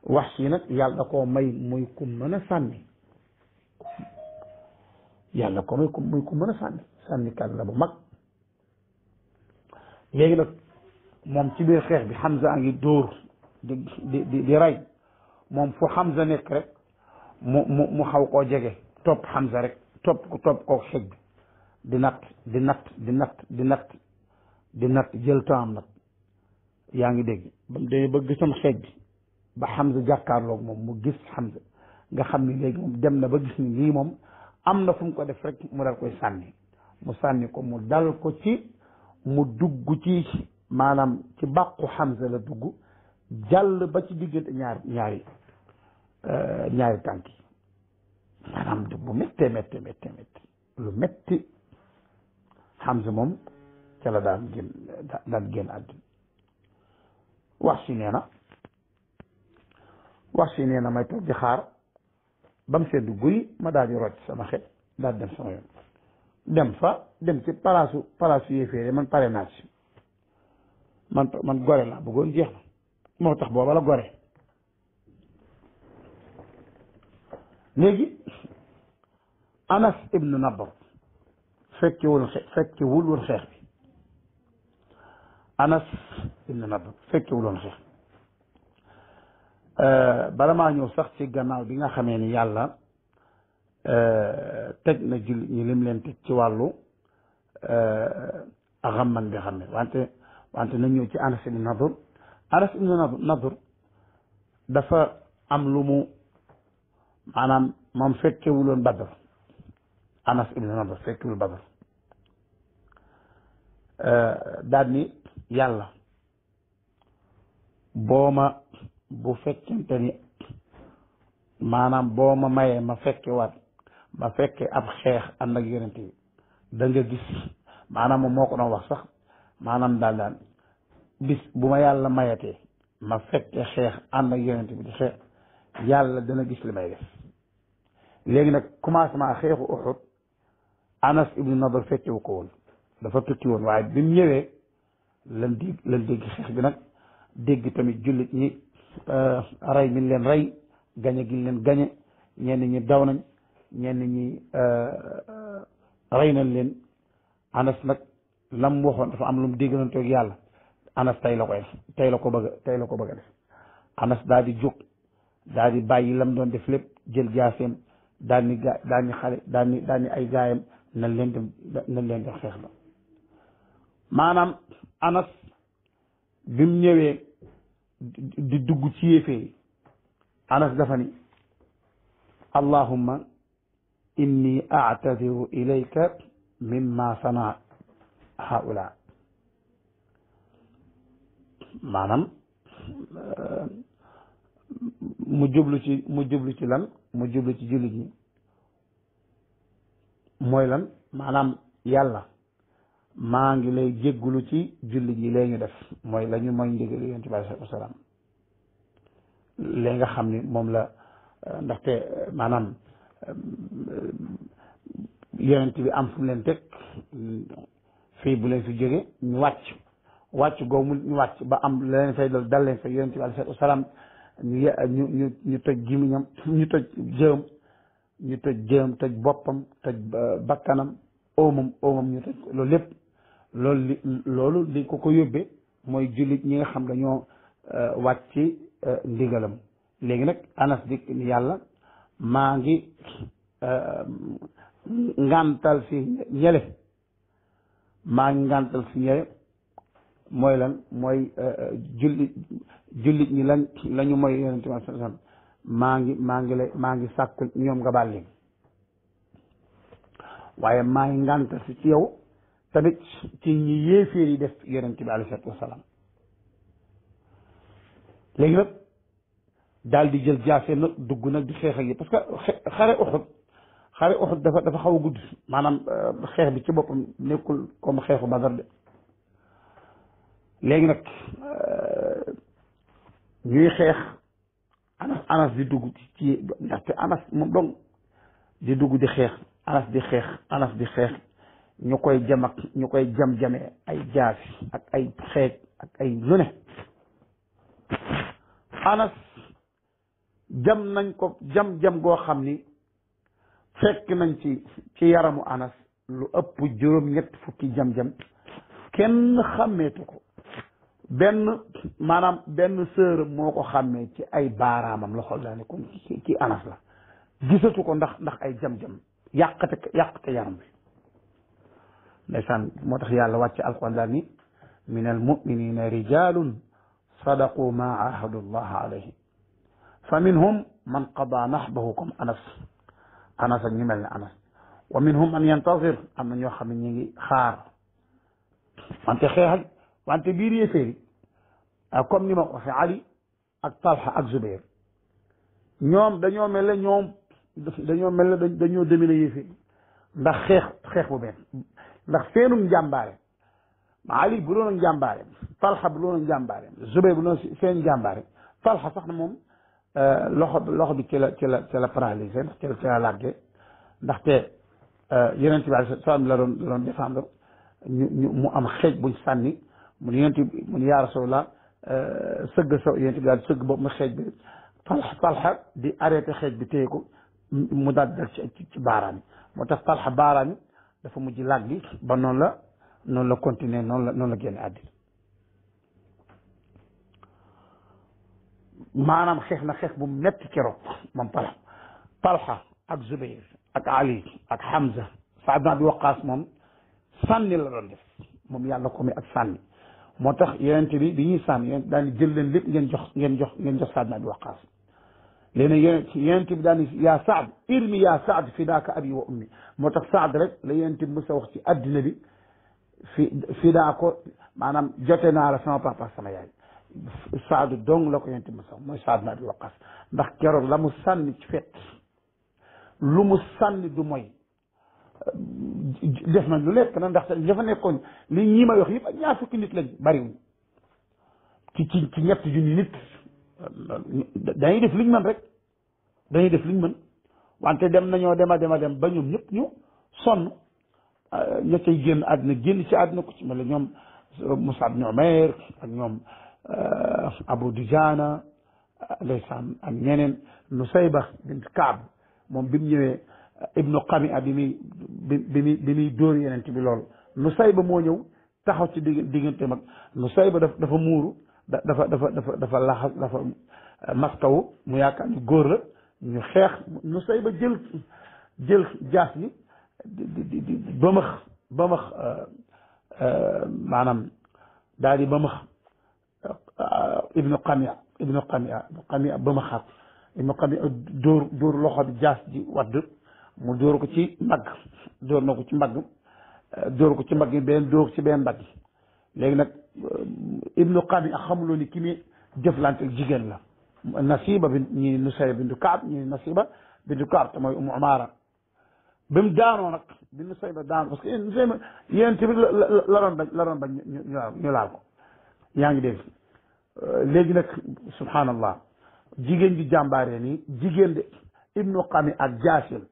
wax si nag yàlla koo may muy ku mën a sànni yàlla ko may muy ku mën a sànni sànnikat la bu mag léegi nag moom ci biir xeex bi Hamza a ngi dóor di di di moom fu Hamza nekk rek mu mu mu xaw koo jege topp Hamza rek topp ko topp koo xeej bi di natt di natt di natt di nat di natt jël temps nag yaa ngi dégg ba mu demee gisam xeej bi ba Hamza jàkkaarloog moom mu gis Hamza nga xam ni léegi moom dem na ba gis ni lii moom am na fum ko def rek mu dal koy sànni mu sànni ko mu dal ko ci mu dugg ci maanaam ci bàqu xamse la dugg jàll ba ci diggante ñaar ñaari euh, ñaari tànk maanaam du bu méttee méttee méttee méttee lu métti Hamza moom ca la daan génn daan génn àddina wax si nee na wax si nee na may toog di xaar ba mu seddu guy ma daal di rocc sama xet daal dem sama yoon dem fa dem ci palaasu palaasu yéeféere man pare naa ci man man gore laa bëggoon jeex na moo tax booba la gore léegi anas ibnu nabar fekkewul fekkewul woon xeex bi anas ibnu nabar fekkewul woon xeex euh, bala maa ñëw sax ci gannaaw bi nga xamee ni yàlla Euh, teg na jullit ñi leen teg ci wàllu euh, axam man bi xam ne wante wante na ñëw ci Anas ibn Nadur Anas ibn Nadur dafa am lu mu maanaam moom fekkewuloon Badr Anas ibn Nadur fekkewul Badr euh, daal ni yàlla booma bu fekkente ni maanaam boo ma mayee ma fekkewaat ma fekkee ab xeex ànd ak yonent bi da gis maanaam moom moo ko doon wax sax maanaam daal daal bis bu ma yàlla mayatee ma fekkee xeex ànd ak yonent bi di xeex yàlla dana gis li may def léegi nag commencement xeexu Uhud Anas ibnu Nadr fekkewu ko woon dafa tukki woon waaye bi mu ñëwee lan dégg lan dégg xeex bi nag dégg tamit jullit ñi euh, rey mi leen rey gañe gi leen gañe ñenn ñi daw nañ ñenn ñi euh, euh, rey na leen anas nag lam waxoon dafa am lu mu déggantoog yàlla anas tey la koy la ko bëgg tey la ko bëgg a def anas daal di jóg bàyyi lam doon def lépp jël jaaseem daal ni ga daal xale daal ay gaayam nañ leen dem nañ leen dem xeex ba maanaam anas bi mu ñëwee di dugg ci yéefee anas dafa ni allahumma inni actadiru ilayka mimma sana haula maanaam euh, mu jublu ci mu jublu ci lan mu jublu ci jullit ñi mooy lan maanaam yàlla maa ngi lay jéggulu ci jullit ñi lee def mooy lañu ñu mooy ndigal yonent bi alayhi salaam lee nga xam ni moom la euh, ndaxte euh, maanaam Euh, euh, yonent bi am fu leen teg fii bu leen fi jóge ñu wàcc wàcc googu ñu wàcc ba am la leen fay loolu dal leen fay yonent bi alayhi salaatu wasalaam ñu ñu ñu toj gimiñam ñu toj jëm ñu toj jëm toj boppam toj euh, bakkanam oomam oomam ñu toj loolu lépp loolu li loolu li ko ko yóbbee mooy jullit ñi nga xam dañoo wàcc ndigalam léegi nag anas dik ni yàlla Eh, maa ngi ngantal si ñële maa ngi ngantal si ñële mooy lan mooy eh, jullit jullit ñi lañ la ñu mooy yonente bi sallallahu alayhi wasallam maa ngi maa maa ngi sàkku ñoom nga baal leen waaye maa ngi ngantal si ci yow tamit ci ñi yéeféer yi def yonente bi alayhi salaatu wasalaam léegi nag daal di jël jaase nag dugg na di xeex ak yi parce que xare uxut dafa dafa xaw a gudd maanaam euh, xeex bi ci boppam nekkul kom xeexu badar de léegi nag euh, ñuy xeex anas anas di dugg ci ndaxte anas moom di dugg di xeex anas di xeex anas di xeex ñu koy jam ak ñu koy jam-jamee ay jaasi ak ay xeej ak ay lu ne anas jam nañ ko jam jam goo xam ni fekk nañ ci ci yaramu anas lu ëpp juróom ñett fukki jam jam kenn xàmmeetu ko benn maanaam benn sëram moo ko xàmmee ci ay baaraamam loxo xool daa kon ci anas la gisatu ko ndax ndax ay jam jam yàqate yàqate yaram bi ndeysaan moo tax yàlla wàcc alquran daal ni min almuminina rijalun sadaqu ma ahadu llah alayhi fa minhum man qada nahbahu comme anas anas ak ñu mel ne anas wa minhum man yantazir am na ñoo xam ne ñu ngi xaar wante xeex wante biir yéeféeri comme ni ma ko Ali ak Talha ak Zubair ñoom dañoo mel ne ñoom dañoo mel ne dañoo dominer yéeféeri ndax xeex xeex bu benn ndax seenum njàmbaare Ali bu doon njàmbaare Talha bu doon njàmbaare Zubair bu doon seen njàmbaare Talha sax moom Euh, loxo loxo bi ci la ci la ci la paralysé ndax ci la ci la làgge ndaxte euh, yonent bi alayhi salaam la la doon défendre ñu ñu mu am xeej buñ sànni mu yonent bi mu yaa Rasulullah euh, sëgg sa yonent bi daal sëgg boobu ma xeej bi talxa talxa di arrêté xeej bi téye ko mu daal dal ci ci baaraam yi moo tax talxa baaraam yi dafa mujj làggi ba noonu la noonu la continuer noonu la noonu la génne àddina maanaam xeex na xeex bu metti keroog moom pala talha ak zubair ak ali ak hamza saad bin abi waqaas moom sànni la doon def moom yàlla ko may ak sànni moo tax yonente bi bi ñuy sànni yonente daan jël leen lépp ngeen jox ngeen jox ngeen jox saad bin abi waqaas léegi nag yonente bi daan yaa saad irmi yaa saad fidaaka abi wa ummi moo tax saad rek la yonente bi mës a wax ci addina bi fi fidaa ko maanaam jote naa la sama papa sama yaay saadu dong la ko yonent ma sax mooy saadu na di waqas ndax keroog la mu sànni ci fett lu mu sànni du mooy def na lu lekk na ndax dafa nekkoon li ñi may wax yëpp ak ñaar fukki nit lañ bariwuñ ci ci ci ñett junni nit dañuy def liñ mën rek dañuy def liñ mën wante dem nañoo dema dema dem ba ñoom ñëpp ñu sonn ah, ña cay génn àdduna génn ci àdduna ko ci mel ne ñoom Musab ibn Umayr ak ñoom Abu Dujana ndeysaan ak ñeneen Nusayba bint Kaab moom bi mu ñëwee ibnu Qami'a bi muy bi muy bi muy dóor yeneen bi lool Nusayba moo ñëw taxaw ci digg diggante mag Nusayba dafa muuru dafa dafa dafa dafa laxas dafa maskawu mu yaakaar ñu góor la ñu xeex Nusayba jël jël jaas yi di di euh, euh, maanaam daal di bamax ibnu Qamiya ibnu Qamiya Qamiya ba ma xaar ibnu Qamiya dóor dóor loxo bi jaas ji wadd mu dóor ko ci mbagg dóor na ko ci mbagg dóor ko ci mbagg yi beneen dóor ci beneen mbagg yi léegi nag ibnu euh, Qamiya xamuloo ni ki muy jëflante ak jigéen la Nasiba bi ñi Nusayba bintu Kaab ñi Nasiba bintu Kaab te mooy Umu Umaara ba mu daanoo nag bi Nusayba daanoo parce que Nusayba yéen tamit la la la doon bañ la doon bañ ñu ñu laal ko yaa ngi dégg. léegi nag subhanallah jigéen ji jàmbaaree nii jigéen de ibnu xami ak jaasim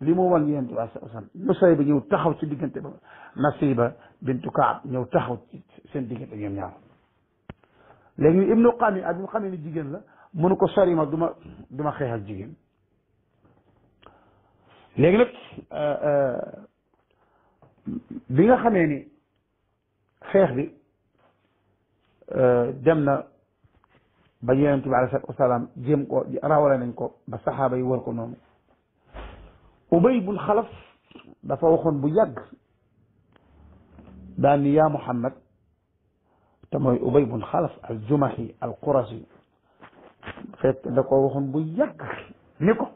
li mu wan yonent bi sallallahu alayhi wasallam Nusayba ñëw taxaw ci diggante ba Nasiba bintu Kaab ñëw taxaw ci seen diggante ñoom ñaar léegi ni ibnu xami ak bi mu xamee ni jigéen la mënu ko sori ma du ma du ma jigéen léegi euh, euh, bi nga xamee ni xeex bi Euh, dem na ba yonent bi alayhi salaatu wasalaam jéem ko rawale nañ ko ba saxaaba yi war ko noonu ubay bul xalaf dafa waxoon bu yàgg daan ni yaa muhammad te mooy ubay bul xalaf al jumahi al qurashi fekk da ko waxoon bu yàgg ni ko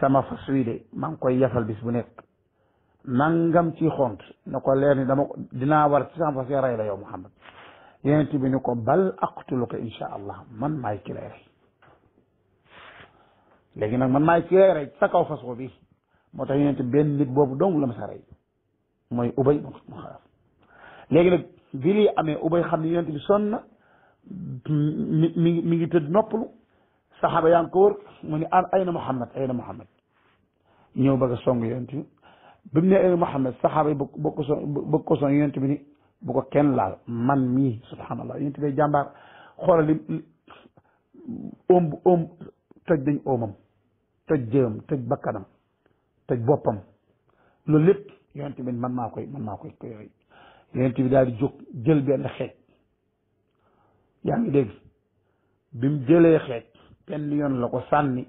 sama fas wi de maa ngi koy yafal bis bu nekk nangam ci xont na ko leer ni dama dinaa war ci sama fas ray la yow Muhammad yonent bi ni ko bal aqtuluka insha allah man maay ki lay rey léegi nag man maay ki lay rey sa kaw fas bi moo tax yonent benn nit boobu dong la ma sa rey mooy ubay mu xaraf léegi nag bi lii amee ubay xam ne yonent bi sonn na mi mi mi ngi tëdd noppalu saxaaba yaa ngi ko wër mu ni na Muhammad ayna Muhammad ñëw bëgg a song yonent bi bi mu nee Muhammad saxaaba yi ba ba ko son ba ko bi ni bu ko kenn laal man mii subhaanallah yonent bi jàmbaar xoolal li oom oom toj dañ oomam toj jëam toj bakkanam toj boppam loolu lépp yonent bi man maa koy man maa koy koy rey bi daal di jóg jël benn xeej yaa ngi dégg bi mu jëlee xeej yoon la ko sànni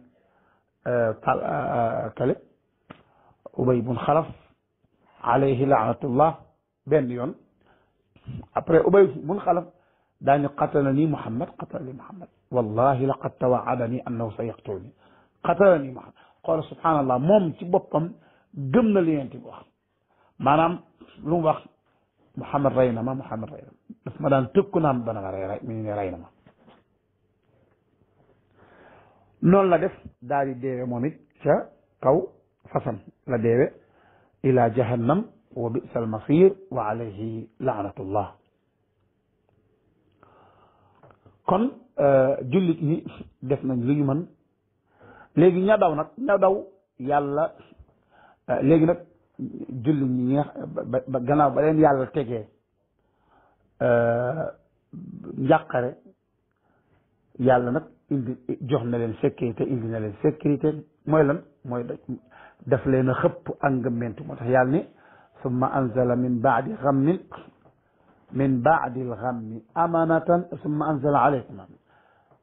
euh, euh, euh, kale ubay bun xalaf alayhi laanatullah benn yoon après ubay bun xalaf daañu qatalani muhammad qatalani muhammad wallahi laqad tawaadani annahu sa yaqtulni qatalani muhammad xoola subhanallah moom ci boppam gëm na li yonent bi wax maanaam lu mu wax muhammad rey na ma muhammad rey na ma daf ma daan tëkku naan dana ma rey mi ne rey na ma noonu la def daal di deewee moom it ca kaw fasam la deewe ila jahannam wa bisa almasir wa alayhi laanatullah kon euh, jullit ñi def na lu man mën léegi nag ña daw yàlla euh, léegi nag jullit ñi ñeex ba gannaaw ba leen yàlla tege euh, njàqare yàlla nag indi jox na leen sécurité indi na leen sécurité mooy lan mooy daf leen a xëpp ak ngëmmentu moo tax yàlla ne summa anzala min baadi xammin min baadi lxammi amanatan summa anzala alaykum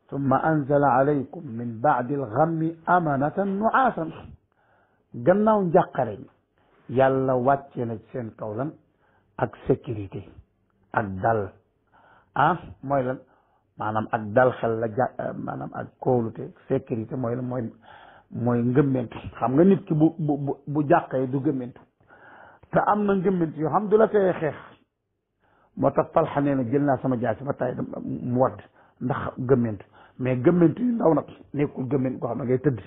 summa anzala alaykum min baadi lxammi amanatan nuaasan gannaaw njàqare mi yàlla wàcce na ci seen kaw lan ak sécurité ak dal ah mooy lan maanaam ak dal xel la ja eh, maanaam ak kóolute sécurité mooy lan mooy mooy ngëmmentu xam nga nit ki bu bu bu jàqee du gëmmentu te am na ngëmmentu yoo xam du la teye xeex moo tax talxa ne na jël naa sama jaasi ba tay mu wadd ndax gëmmentu mais gëmmentu yu ndaw nag nekkul gëmmentu koo xam ne ngay tëdd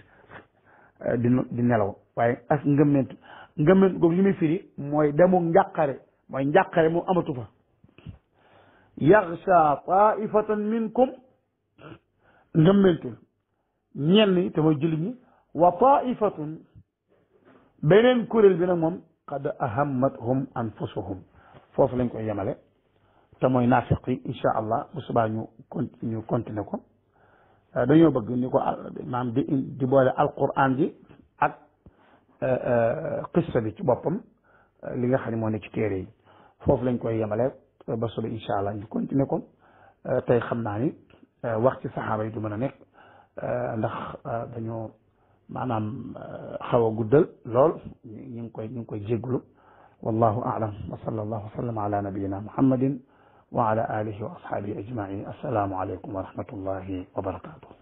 euh, nelaw waaye ak ngëmmentu ngëmmentu googu li muy firi mooy demu njàqare mooy njàqare mu amatu fa yaxsha taifatan minkum ngëmmentul ñenn te mooy jullit ñi wa taifatun beneen kuréel bi na moom qad ahammathum anfusuhum foofu lañ koy yemale te mooy naafiq yi incha allah bu subaa ñu con ñu continuer ko euh, dañoo bëgg ni ko maam di di boole alquran ji ak euh, euh, qissa bi ci boppam li nga xam ne moo ne ci téere yi foofu lañ koy yemale ba suba incha allah ñu continuer ko tey xam naa ni wax ci saxaaba yi du mën a nekk ndax dañoo maanaam euh, xaw a guddal lool ñu ngi koy ñu ngi koy jéglu wallahu a'lam wa sallallahu wa sallam ala nabiyyina muhammadin wa ala alihi wa ashabihi ajma'in assalaamu alaykum wa rahmatullahi wa barakatuh